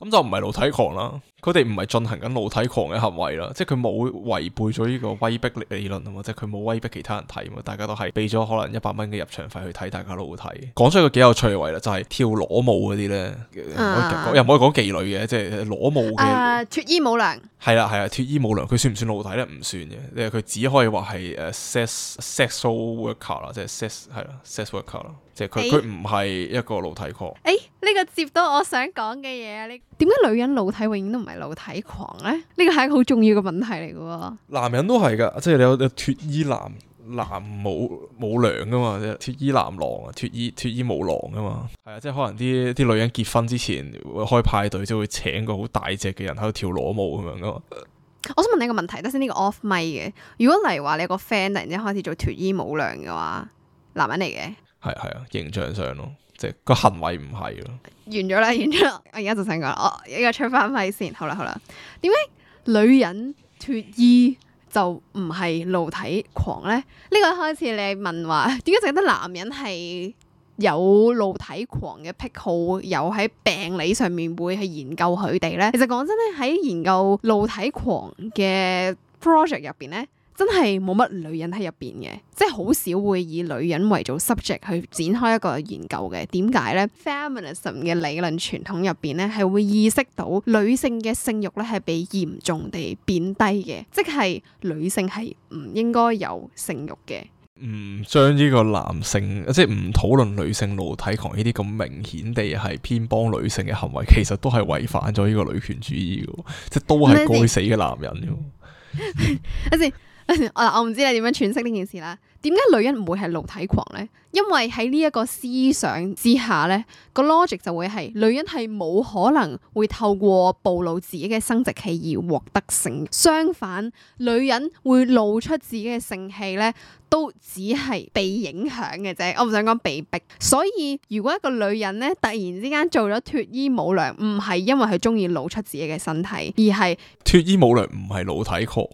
咁就唔係露體狂啦。佢哋唔係進行緊露體狂嘅行為咯，即係佢冇違背咗呢個威逼理理論啊嘛，即係佢冇威逼其他人睇啊嘛，大家都係俾咗可能一百蚊嘅入場費去睇，大家都會睇。講出一個幾有趣嘅位啦，就係、是、跳裸舞嗰啲咧，又唔、啊、可，可以講妓女嘅，即係裸舞嘅脫、啊、衣舞娘。係啦係啦，脫衣舞娘佢算唔算露體咧？唔算嘅，佢只可以話係誒 sex、er, s e x worker 啦，即係 sex 啦 s e x worker 啦，即係佢佢唔係一個露體狂。誒呢、欸這個接到我想講嘅嘢啊，你點解女人露體永遠都唔係露體狂咧，呢個係一個好重要嘅問題嚟嘅啊。男人都係噶，即係你有脱衣男男舞舞娘噶嘛，即脱衣男郎啊，脱衣脱衣舞郎噶嘛。係啊，即係可能啲啲女人結婚之前會開派對，就會請個好大隻嘅人喺度跳裸舞咁樣噶嘛。我想問你一個問題，得先呢個 off 咪嘅。如果例如話你有個 friend 突然之間開始做脱衣舞娘嘅話，男人嚟嘅？係啊係啊，形象上咯。即係個行為唔係咯，完咗啦，完咗啦！我而家就想講，哦，依個出翻位先，好啦好啦。點解女人脫衣就唔係露體狂咧？呢個一開始你問話，點解淨係得男人係有露體狂嘅癖好，有喺病理上面會去研究佢哋咧？其實講真咧，喺研究露體狂嘅 project 入邊咧，真係冇乜女人喺入邊嘅，即係好少會以女人為做 subject 去展開一個研究嘅。點解呢？feminism 嘅理論傳統入邊呢，係會意識到女性嘅性欲咧，係被嚴重地貶低嘅，即係女性係唔應該有性欲嘅。唔將呢個男性，即係唔討論女性露體狂呢啲咁明顯地係偏幫女性嘅行為，其實都係違反咗呢個女權主義嘅，即係都係該死嘅男人。一啲。 我唔知你點樣詮釋呢件事啦？點解女人唔會係露體狂呢？因為喺呢一個思想之下呢，呢個 logic 就會係女人係冇可能會透過暴露自己嘅生殖器而獲得性。相反，女人會露出自己嘅性器呢，都只係被影響嘅啫。我唔想講被逼。所以如果一個女人呢，突然之間做咗脱衣舞娘，唔係因為佢中意露出自己嘅身體，而係脱衣舞娘唔係露體狂。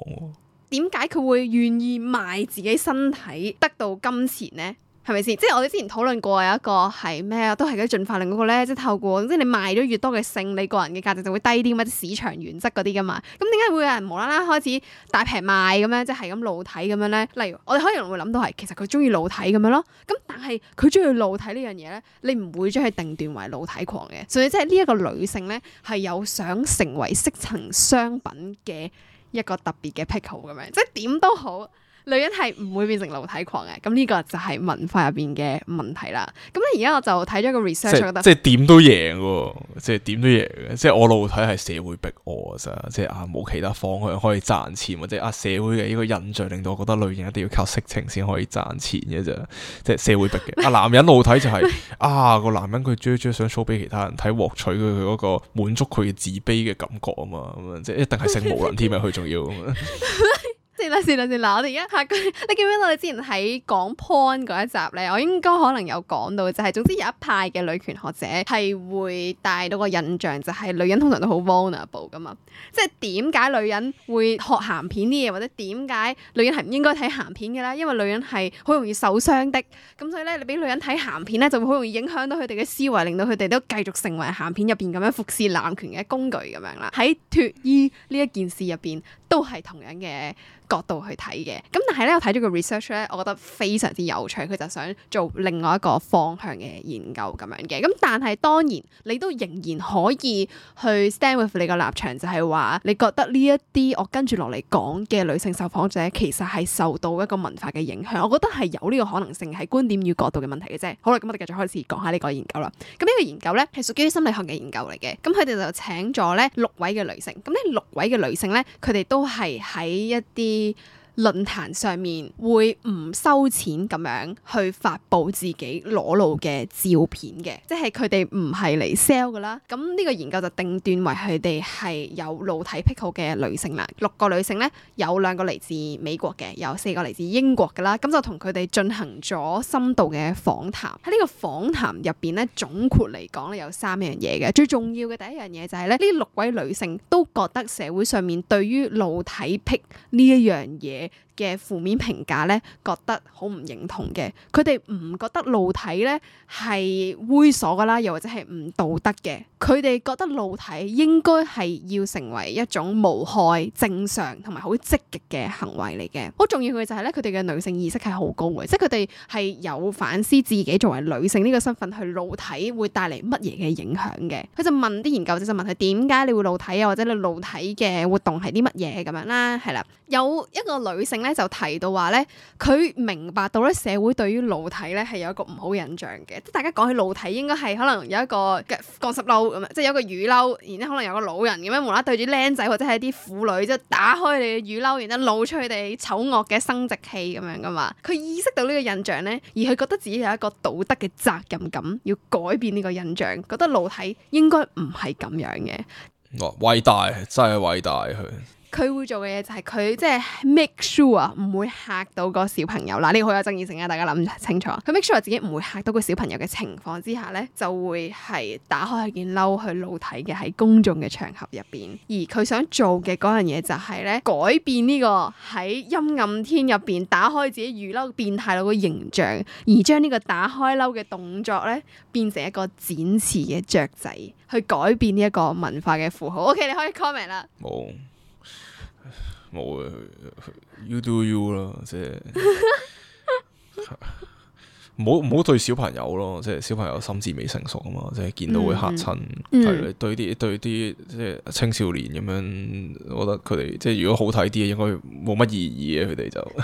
點解佢會願意賣自己身體得到金錢呢？係咪先？即係我哋之前討論過有一個係咩啊，都係嗰啲進化論嗰個咧，即係透過，即係你賣咗越多嘅性，你個人嘅價值就會低啲，咁啊市場原則嗰啲噶嘛。咁點解會有人無啦啦開始大平賣咁樣，即係咁露體咁樣咧？例如我哋可能會諗到係，其實佢中意露體咁樣咯。咁但係佢中意露體呢樣嘢咧，你唔會將佢定斷為露體狂嘅。所以即係呢一個女性咧，係有想成為色層商品嘅。一個特別嘅癖好咁樣，即係點都好。女人係唔會變成露體狂嘅，咁呢個就係文化入邊嘅問題啦。咁咧而家我就睇咗個 research，即係點都贏，即係點都贏嘅。即係我露體係社會逼我嘅咋，即係啊冇其他方向可以賺錢，或者啊社會嘅呢個印象令到我覺得女人一定要靠色情先可以賺錢嘅咋，即係社會逼嘅。 啊男人露體就係、是、 啊個男人佢追追想 show 俾其他人睇，獲取佢嗰個滿足佢嘅自卑嘅感覺啊嘛，咁啊即係一定係性無能添啊，佢仲要。 是啦，是啦，是啦。我哋而家下句， 你記唔記得我哋之前喺講 porn 嗰一集咧？我應該可能有講到、就是，就係總之有一派嘅女權學者係會帶到個印象，就係女人通常都好 vulnerable 噶嘛。即係點解女人會學鹹片啲嘢，或者點解女人係唔應該睇鹹片嘅咧？因為女人係好容易受傷的。咁所以咧，你俾女人睇鹹片咧，就會好容易影響到佢哋嘅思維，令到佢哋都繼續成為鹹片入邊咁樣服侍男權嘅工具咁樣啦。喺脱衣呢一件事入邊，都係同樣嘅角度去睇嘅，咁但係咧，我睇咗個 research 咧，我覺得非常之有趣，佢就想做另外一個方向嘅研究咁樣嘅，咁但係當然你都仍然可以去 stand with 你個立場，就係話你覺得呢一啲我跟住落嚟講嘅女性受訪者其實係受到一個文化嘅影響，我覺得係有呢個可能性係觀點與角度嘅問題嘅啫。好啦，咁我哋繼續開始講下呢個研究啦。咁呢個研究咧，係屬於心理學嘅研究嚟嘅，咁佢哋就請咗咧，六位嘅女性，咁呢六位嘅女性咧，佢哋都。都係喺一啲。論壇上面會唔收錢咁樣去發布自己裸露嘅照片嘅，即係佢哋唔係嚟 sell 㗎啦。咁呢個研究就定斷為佢哋係有露體癖好嘅女性啦。六個女性呢，有兩個嚟自美國嘅，有四個嚟自英國㗎啦。咁就同佢哋進行咗深度嘅訪談。喺呢個訪談入邊呢，總括嚟講咧有三樣嘢嘅。最重要嘅第一樣嘢就係、是、咧，呢六位女性都覺得社會上面對於露體癖呢一樣嘢。嘅負面評價咧，覺得好唔認同嘅。佢哋唔覺得露體咧係猥瑣㗎啦，又或者係唔道德嘅。佢哋覺得露體應該係要成為一種無害、正常同埋好積極嘅行為嚟嘅。好重要嘅就係咧，佢哋嘅女性意識係好高嘅，即係佢哋係有反思自己作為女性呢個身份去露體會帶嚟乜嘢嘅影響嘅。佢就問啲研究者就問佢點解你會露體啊，或者你露體嘅活動係啲乜嘢咁樣啦，係啦。有一個女性咧就提到話咧，佢明白到咧社會對於露體咧係有一個唔好印象嘅，即係大家講起露體應該係可能有一個嘅乾濕褸，咁即係有一個雨褸，然之後可能有個老人咁樣無啦啦對住僆仔或者係啲婦女，即係打開你嘅雨褸，然之後露出佢哋醜惡嘅生殖器咁樣噶嘛。佢意識到呢個印象咧，而佢覺得自己有一個道德嘅責任感，要改變呢個印象，覺得露體應該唔係咁樣嘅。哦，偉大，真係偉大佢。佢會做嘅嘢就係佢即係 make sure 啊，唔會嚇到個小朋友嗱，呢個好有爭議性啊，大家諗清楚。佢 make sure 自己唔會嚇到個小朋友嘅情況之下咧，就會係打開一件褸去露體嘅喺公眾嘅場合入邊。而佢想做嘅嗰樣嘢就係咧，改變呢個喺陰暗天入邊打開自己魚褸變態佬嘅形象，而將呢個打開褸嘅動作咧變成一個展示嘅雀仔，去改變呢一個文化嘅符號。OK，你可以 comment 啦。冇。Oh. 冇啊，You do you 咯，即係，唔好唔好對小朋友咯，即係小朋友心智未成熟啊嘛，即係見到會嚇親。 對啲對啲，即係青少年咁樣，我覺得佢哋即係如果好睇啲，應該冇乜意義嘅，佢哋就。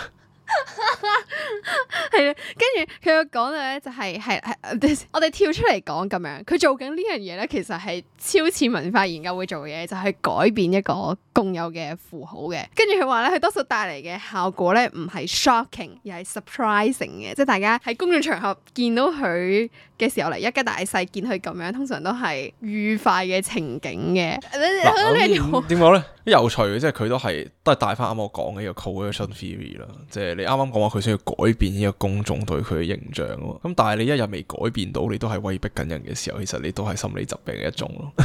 係啦，跟住佢又講到咧，就係係係，我哋跳出嚟講咁樣，佢做緊呢樣嘢咧，其實係超似文化研究會做嘅嘢，就係、是、改變一個共有嘅符號嘅。跟住佢話咧，佢多數帶嚟嘅效果咧，唔係 shocking，而係 surprising 嘅，即係大家喺公眾場合見到佢。嘅時候嚟，一家大細見佢咁樣，通常都係愉快嘅情景嘅。嗱、啊，點講呢？有趣嘅，即係佢都係都係帶翻啱我講嘅呢個 Cultivation Theory 啦。即係你啱啱講話佢想要改變呢個公眾對佢嘅形象啊。咁但係你一日未改變到，你都係威逼緊人嘅時候，其實你都係心理疾病嘅一種咯。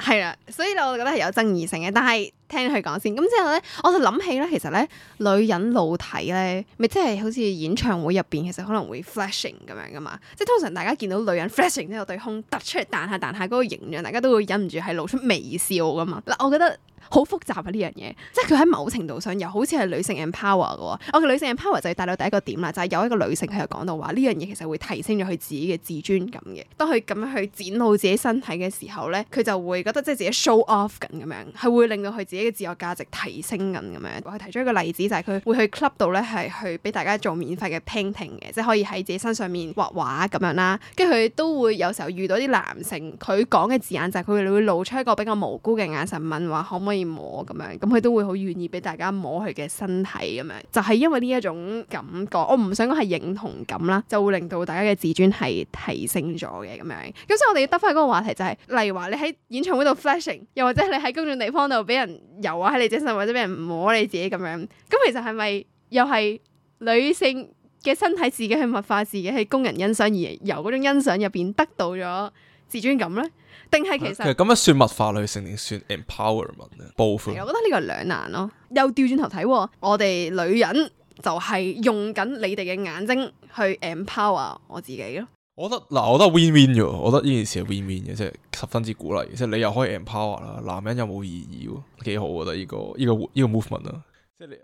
係啦，所以咧我覺得係有爭議性嘅，但係聽佢講先。咁之後咧，我就諗起咧，其實咧女人露體咧，咪即係好似演唱會入邊，其實可能會 flashing 咁樣噶嘛。即通常大家見到女人 flashing 之後對胸突出嚟彈下彈下嗰個形象，大家都會忍唔住係露出微笑噶嘛。嗱，我覺得。好複雜啊呢樣嘢，即係佢喺某程度上又好似係女性 empower 㗎喎。我嘅女性 empower 就係帶到第一個點啦，就係有一個女性佢又講到話呢樣嘢其實會提升咗佢自己嘅自尊感嘅。當佢咁樣去展露自己身體嘅時候咧，佢就會覺得即係自己 show off 緊咁樣，係會令到佢自己嘅自我價值提升緊咁樣。佢提出一個例子就係佢會去 club 度咧，係去俾大家做免費嘅 painting 嘅，即係可以喺自己身上面畫畫咁樣啦。跟住佢都會有時候遇到啲男性，佢講嘅字眼就係佢會露出一個比較無辜嘅眼神問話可唔？可可以摸咁樣，咁佢都會好願意俾大家摸佢嘅身體咁樣，就係、是、因為呢一種感覺，我唔想講係認同感啦，就會令到大家嘅自尊係提升咗嘅咁樣。咁所以我哋要得翻嗰個話題就係、是，例如話你喺演唱會度 flashing，又或者你喺公眾地方度俾人游啊喺你隻手或者俾人摸你自己咁樣，咁其實係咪又係女性嘅身體自己去物化自己，喺供人欣賞而由嗰種欣賞入邊得到咗自尊感咧？定係其實咁樣算物化女性定算 empowerment 咧？both，我覺得呢個係兩難咯。又調轉頭睇，我哋女人就係用緊你哋嘅眼睛去 empower 我自己咯。我覺得嗱，我覺得 win win 嘅，我覺得呢件事係 win win 嘅，即係十分之鼓勵，即係你又可以 empower 啦，男人又冇異議，幾好啊！我覺得呢個呢個呢個 movement 啊。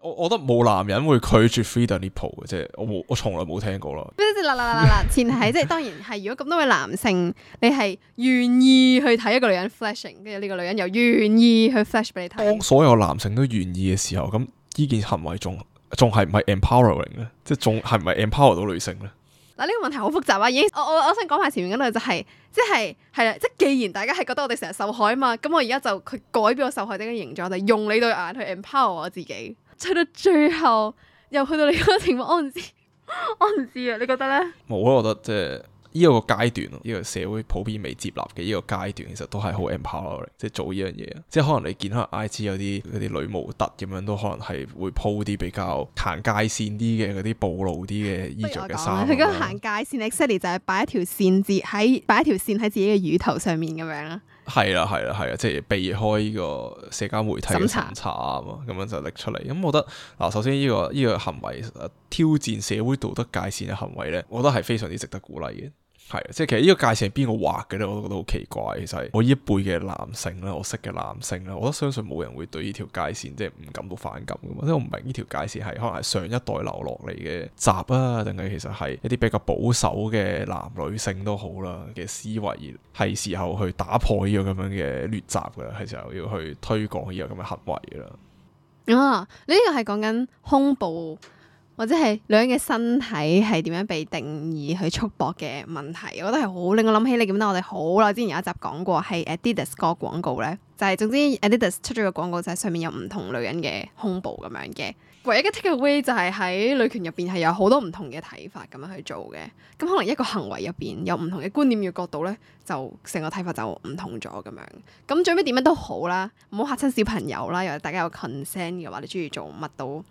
我，我覺得冇男人會拒絕 free the nipple 即係我冇，我從來冇聽過啦。嗱嗱嗱嗱前提即係當然係，如果咁多位男性你係願意去睇一個女人 flashing，跟住呢個女人又願意去 flash 俾你睇。當所有男性都願意嘅時候，咁呢件行為仲仲係唔係 empowering 咧？即係仲係唔係 empower 到女性咧？嗱，呢個問題好複雜啊！咦，我我我想講埋前面嗰度就係，是，即係係啦，即係既然大家係覺得我哋成日受害啊嘛，咁我而家就佢改變我受害啲嘅形狀，就是，用你對眼去 empower 我自己。出到最後，又去到你嗰個情況，我唔知，我唔知啊！你覺得咧？冇啊！我覺得即係依個階段咯，依、依個社會普遍未接納嘅依個階段，其實都係好 empower 嚟，即係做依樣嘢。即係可能你見可能 IG 有啲啲女模特咁樣，都可能係會鋪啲比較行界線啲嘅嗰啲暴露啲嘅衣着嘅衫。佢個行界線，exactly 就係擺一條線字喺，擺一條線喺自己嘅乳頭上面咁樣啦。係啦，係啦，係啦，即係避開依個社交媒體嘅審查啊嘛，咁查樣就拎出嚟。咁我覺得嗱，首先依個依個行為，挑戰社會道德界線嘅行為咧，我覺得係非常之值得鼓勵嘅。係即係其實呢個界線係邊個畫嘅呢？我都覺得好奇怪。其實我呢一輩嘅男性咧，我識嘅男性咧，我都相信冇人會對呢條界線即係唔感到反感噶嘛。即係我唔明呢條界線係可能係上一代留落嚟嘅集啊，定係其實係一啲比較保守嘅男女性都好啦嘅思維，係時候去打破呢個咁樣嘅劣習噶啦，係時候要去推廣呢個咁嘅行為噶啦。啊，呢個係講緊胸部？或者係女人嘅身體係點樣被定義去束縛嘅問題，我覺得係好令我諗起你點樣。我哋好耐之前有一集講過，係 Adidas 個廣告咧，就係總之 Adidas 出咗個廣告，就係上面有唔同女人嘅胸部咁樣嘅。唯一嘅 takeaway 就係喺女權入邊係有好多唔同嘅睇法咁樣去做嘅。咁可能一個行為入邊有唔同嘅觀念與角度咧，就成個睇法就唔同咗咁樣。咁最尾點樣都好啦，唔好嚇親小朋友啦。又大家有 consent 嘅話，你中意做乜都～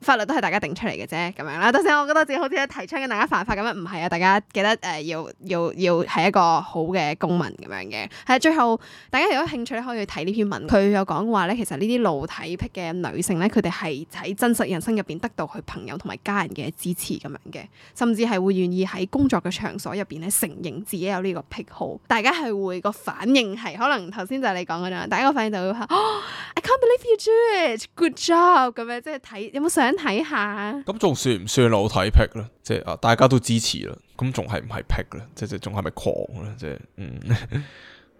法律都係大家定出嚟嘅啫，咁樣啦。到時我覺得自己好似提倡緊大家犯法咁樣，唔係啊！大家記得誒、呃、要要要係一個好嘅公民咁樣嘅。係啊，最後大家如果有興趣可以去睇呢篇文。佢有講話咧，其實呢啲露體癖嘅女性咧，佢哋係喺真實人生入邊得到佢朋友同埋家人嘅支持咁樣嘅，甚至係會願意喺工作嘅場所入邊咧承認自己有呢個癖好。大家係會個反應係可能頭先就係你講嗰樣，第一個反應就係話，哦 I can't believe you, do it, good job 咁樣，即係睇有冇上。想睇下，咁仲算唔算露體癖咧？即係啊，大家都支持啦，咁仲係唔係癖咧？即係仲係咪狂咧？即係，嗯。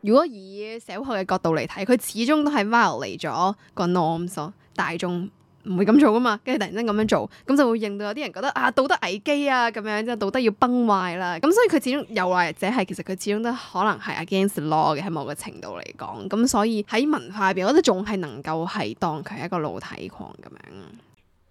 如果以社會學嘅角度嚟睇，佢始終都係 violate 咗個 norms 大眾唔會咁做噶嘛，跟住突然間咁樣做，咁就會令到有啲人覺得啊，道德危機啊，咁樣即係道德要崩壞啦。咁所以佢始終又或者係其實佢始終都可能係 against law 嘅，喺某個程度嚟講。咁所以喺文化入邊，我覺得仲係能夠係當佢係一個露體狂咁樣。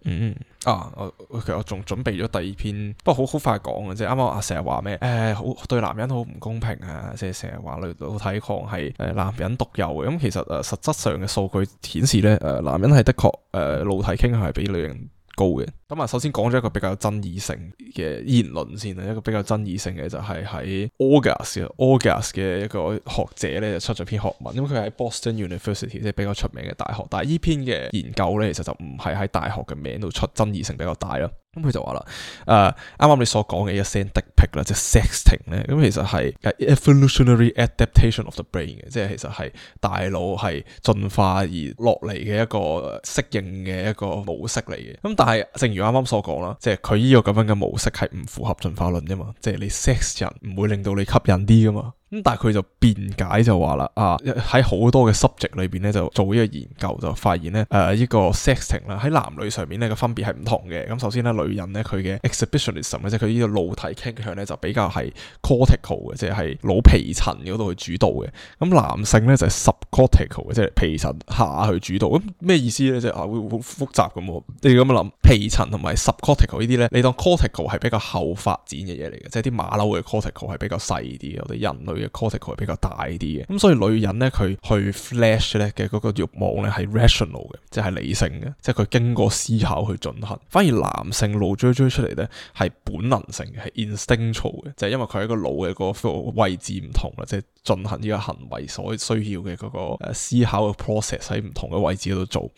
嗯嗯，mm hmm. 啊，我其實我仲準備咗第二篇，不過好好快講嘅，即係啱啱啊，成日話咩？誒，好對男人好唔公平啊！即係成日話女露體狂係誒男人獨有嘅，咁、嗯、其實誒、呃、實質上嘅數據顯示咧，誒、呃、男人係的確誒露體傾向係比女人。高嘅，咁啊首先講咗一個比較爭議性嘅言論先啊，一個比較爭議性嘅就係喺 August August 嘅一個學者咧就出咗篇學文，因為佢喺 Boston University 即係比較出名嘅大學，但係呢篇嘅研究咧其實就唔係喺大學嘅名度出爭議性比較大咯。咁佢就話啦，誒、呃，啱啱你所講嘅一 send dick pic 啦， 即係 sexting 咧，咁其實係 evolutionary adaptation of the brain 嘅，即係其實係大腦係進化而落嚟嘅一個適應嘅一個模式嚟嘅。咁但係正如啱啱所講啦，即係佢依個咁樣嘅模式係唔符合進化論啫嘛，即係你 sex 人唔會令到你吸引啲噶嘛。咁但係佢就辯解就話啦，啊喺好多嘅 subject 裏邊咧，就做依個研究就發現咧，誒、呃、依、呢個 sexting 啦，喺男女上面咧嘅分別係唔同嘅。咁首先咧，女人咧佢嘅 exhibitionism 即係佢呢個露體傾向咧，就比較係 cortical 嘅，即係係腦皮層嗰度去主導嘅。咁男性咧就係、是、subcortical 嘅，即係皮層下去主導。咁咩意思咧？即係啊會好複雜咁、啊，你咁諗皮層同埋 subcortical 呢啲咧，你當 cortical 係比較後發展嘅嘢嚟嘅，即係啲馬騮嘅 cortical 係比較細啲嘅，我哋人類嘅 cortical 係比較大啲嘅，咁、嗯、所以女人咧佢去 flash 咧嘅嗰個慾望咧係 rational 嘅，即係理性嘅，即係佢經過思考去進行。反而男性腦追追出嚟咧係本能性嘅，係 instinctual 嘅，就係因為佢喺個腦嘅嗰個位置唔同啦，即係。進行呢個行為所需要嘅嗰個思考嘅 process 喺唔同嘅位置度做，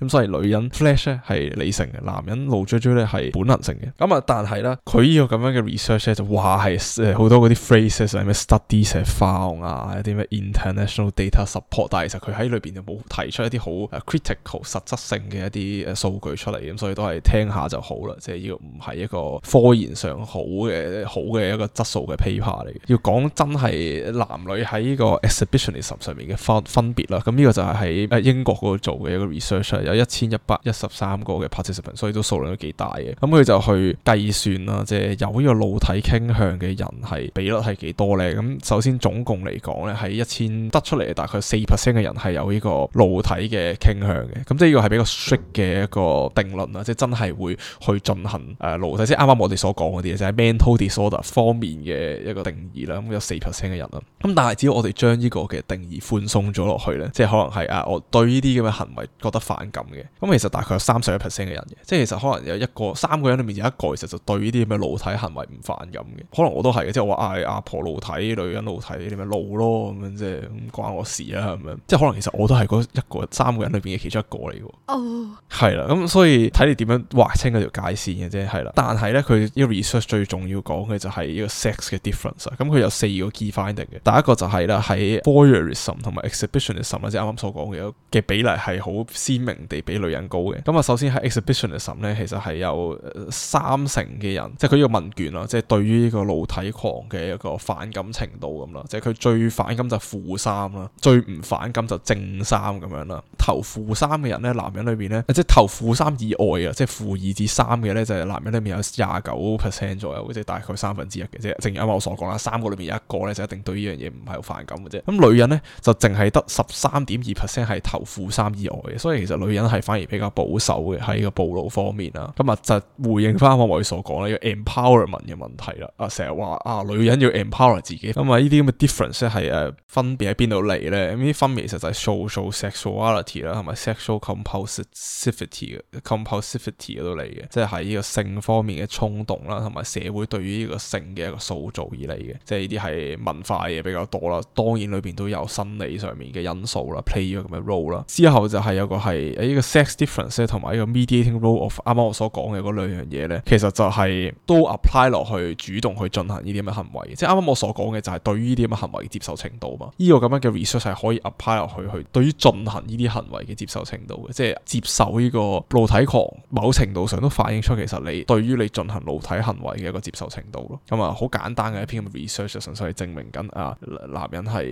咁所以女人 flash 咧係理性嘅，男人露雞雞咧係本能性嘅。咁啊，但係咧佢呢個咁樣嘅 research 咧就話係誒好多嗰啲 phrases 係咩 study、said、found 啊，一啲咩 international data support，但係其實佢喺裏邊就冇提出一啲好 critical、好實質性嘅一啲誒數據出嚟，咁所以都係聽下就好啦，即係呢個唔係一個科研上好嘅好嘅一個質素嘅 paper 嚟。要講真係男女喺呢個 exhibitionism 上面嘅分分別啦，咁呢個就係喺誒英國嗰度做嘅一個 research，有一千一百一十三個嘅 participant，所以都數量都幾大嘅。咁佢就去計算啦，即係有呢個露體傾向嘅人係比率係幾多咧？咁首先總共嚟講咧，喺一千得出嚟大概四 percent 嘅人係有呢個露體嘅傾向嘅。咁即係呢個係比較 strict 嘅一個定論啦，即係真係會去進行誒露體，即係啱啱我哋所講嗰啲嘢，就係、是、mental disorder 方面嘅一個定義啦。咁有四 percent 嘅人啊，咁。但係只要我哋將呢個嘅定義寬鬆咗落去咧，即係可能係啊，我對呢啲咁嘅行為覺得反感嘅。咁、嗯、其實大概有三十一 percent 嘅人嘅，即係其實可能有一個三個人裏面有一個，其實就對呢啲咁嘅露體行為唔反感嘅。可能我都係嘅，即係我嗌阿、啊、婆露體、女人露體，你咪露咯咁樣，樣、啊、樣，即係唔關我事啦咁樣。即係可能其實我都係一個三個人裏面嘅其中一個嚟嘅。哦、oh.，係、嗯、啦，咁所以睇你點樣劃清嗰條界綫嘅啫。係啦，但係咧佢呢個 research 最重要講嘅就係呢個 sex 嘅 difference 咁、嗯、佢有四個 key finding 嘅，第個就係啦，喺 voyeurism 同埋 exhibitionism 即係啱啱所講嘅嘅比例係好鮮明地比女人高嘅。咁啊，首先喺 exhibitionism 咧，其實係有三成嘅人，即係佢呢個問卷啦，即係對於呢個露體狂嘅一個反感程度咁咯。即係佢最反感就負三啦，3，最唔反感就正三咁樣啦。投負三嘅人咧，男人裏邊咧，即係投負三以外啊，即係負二至三嘅咧，就係、是、男人裏面有廿九 percent 左右，即係大概三分之一嘅，即係正如啱啱我所講啦，三個裏邊有一個咧，就一定對呢樣嘢，唔係好反感嘅啫，咁女人咧就淨係得十三點二 percent 係投負三以外嘅，所以其實女人係反而比較保守嘅喺個暴露方面啦。咁啊，就回應翻我哋所講咧，這個 empowerment 嘅問題啦。啊，成日話啊，女人要 empower 自己，咁啊呢啲咁嘅 difference 係誒分別喺邊度嚟咧？呢啲分別其實就係 social sexuality 啦、啊，同埋 sexual compulsivity compulsivity 度嚟嘅，即係喺呢個性方面嘅衝動啦，同、啊、埋社會對於呢個性嘅一個塑造而嚟嘅，即係呢啲係文化嘅比較多啦，當然裏邊都有心理上面嘅因素啦，play 呢個咁嘅 role 啦。之後就係有一個係呢個 sex difference 咧，同埋呢個 mediating role of 啱啱我所講嘅嗰兩樣嘢咧，其實就係都 apply 落去主動去進行呢啲咁嘅行為。即係啱啱我所講嘅就係對於呢啲咁嘅行為接受程度嘛。呢個咁樣嘅 research 係可以 apply 落去去對於進行呢啲行為嘅接受程度嘅，即係接受呢個露體狂，某程度上都反映出其實你對於你進行露體行為嘅一個接受程度咯。咁啊，好簡單嘅一篇 research 純粹係證明緊啊～男人係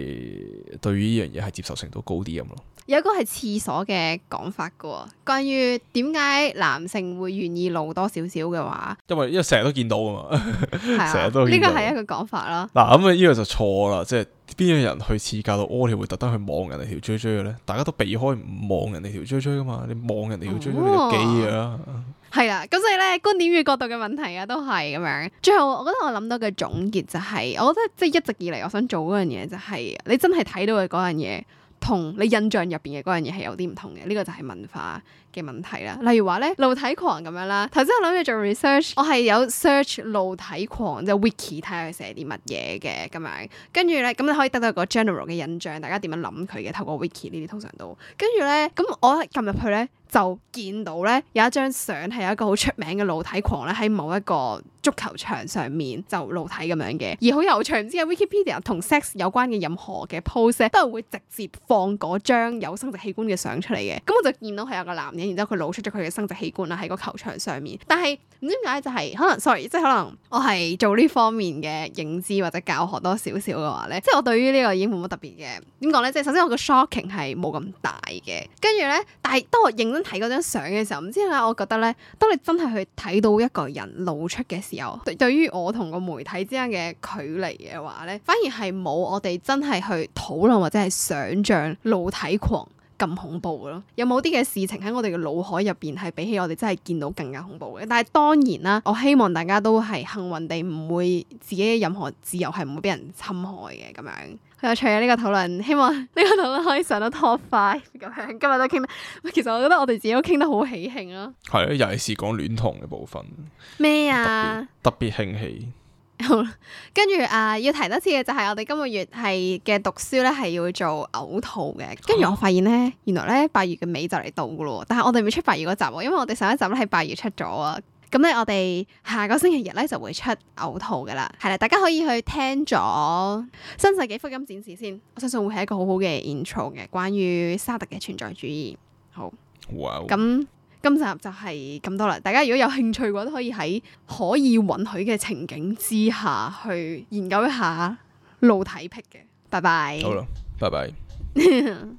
對於呢樣嘢係接受程度高啲咁咯。有一個係廁所嘅講法噶關於點解男性會願意露多少少嘅話，因為因為成日都見到㗎嘛，成日都呢個係一個講法啦。嗱，咁啊呢個就錯啦，即係邊有人去廁格度屙尿會特登去望人哋條追追嘅咧？大家都避開唔望人哋條追追噶嘛你望人哋條追追你就 gay 噶啦。哦哦係啦，咁所以咧，觀點與角度嘅問題啊，都係咁樣。最後，我覺得我諗到嘅總結就係，我覺得即係一直以嚟，我想做嗰樣嘢就係，你真係睇到嘅嗰樣嘢，同你印象入邊嘅嗰樣嘢係有啲唔同嘅。呢個就係文化嘅問題啦。例如話咧，露體狂咁樣啦。頭先我諗住做 research，我係有 search 露體狂即係 wiki 睇下佢寫啲乜嘢嘅咁樣，跟住咧咁你可以得到一個 general 嘅印象，大家點樣諗佢嘅，透過 wiki 呢啲通常都跟住咧，咁我撳入去咧。就見到咧，有一張相係有一個好出名嘅露體狂咧，喺某一個足球場上面就露體咁樣嘅，而好有趣，唔知 Wikipedia 同 sex 有關嘅任何嘅 post 都係會直接放嗰張有生殖器官嘅相出嚟嘅。咁我就見到係有個男人，然之後佢露出咗佢嘅生殖器官啦，喺個球場上面。但係唔知點解就係、是、可能 sorry，即係可能我係做呢方面嘅認知或者教學多少少嘅話咧，即係我對於呢個已經冇乜特別嘅點講咧。即係首先我個 shocking 係冇咁大嘅，跟住咧，但係當我認真，睇嗰張相嘅時候，唔知咧，我覺得咧，當你真係去睇到一個人露出嘅時候，對，對於我同個媒體之間嘅距離嘅話咧，反而係冇我哋真係去討論或者係想象露體狂咁恐怖咯。有冇啲嘅事情喺我哋嘅腦海入邊係比起我哋真係見到更加恐怖嘅？但係當然啦，我希望大家都係幸運地唔會自己嘅任何自由係唔會俾人侵害嘅咁樣。有趣啊，呢個討論，希望呢個討論可以上到 top five 咁樣。今日都傾得，其實我覺得我哋自己都傾得好喜慶咯、啊。係啊、嗯，尤其是講戀童嘅部分。咩啊？特別興起。跟住啊，要提多次嘅就係我哋今個月係嘅讀書咧，係要做嘔吐嘅。跟住我發現咧，啊、原來咧八月嘅尾就嚟到噶咯。但係我哋未出八月嗰集，因為我哋上一集咧係八月出咗啊。咁咧，我哋下個星期日咧就會出嘔吐噶啦，係啦，大家可以去聽咗新世紀福音戰士先，我相信會係一個好好嘅 intro 嘅，關於沙特嘅存在主義。好，咁 Wow. 今集就係咁多啦。大家如果有興趣嘅話，都可以喺可以允許嘅情景之下去研究一下露體癖嘅。拜拜。好啦，拜拜。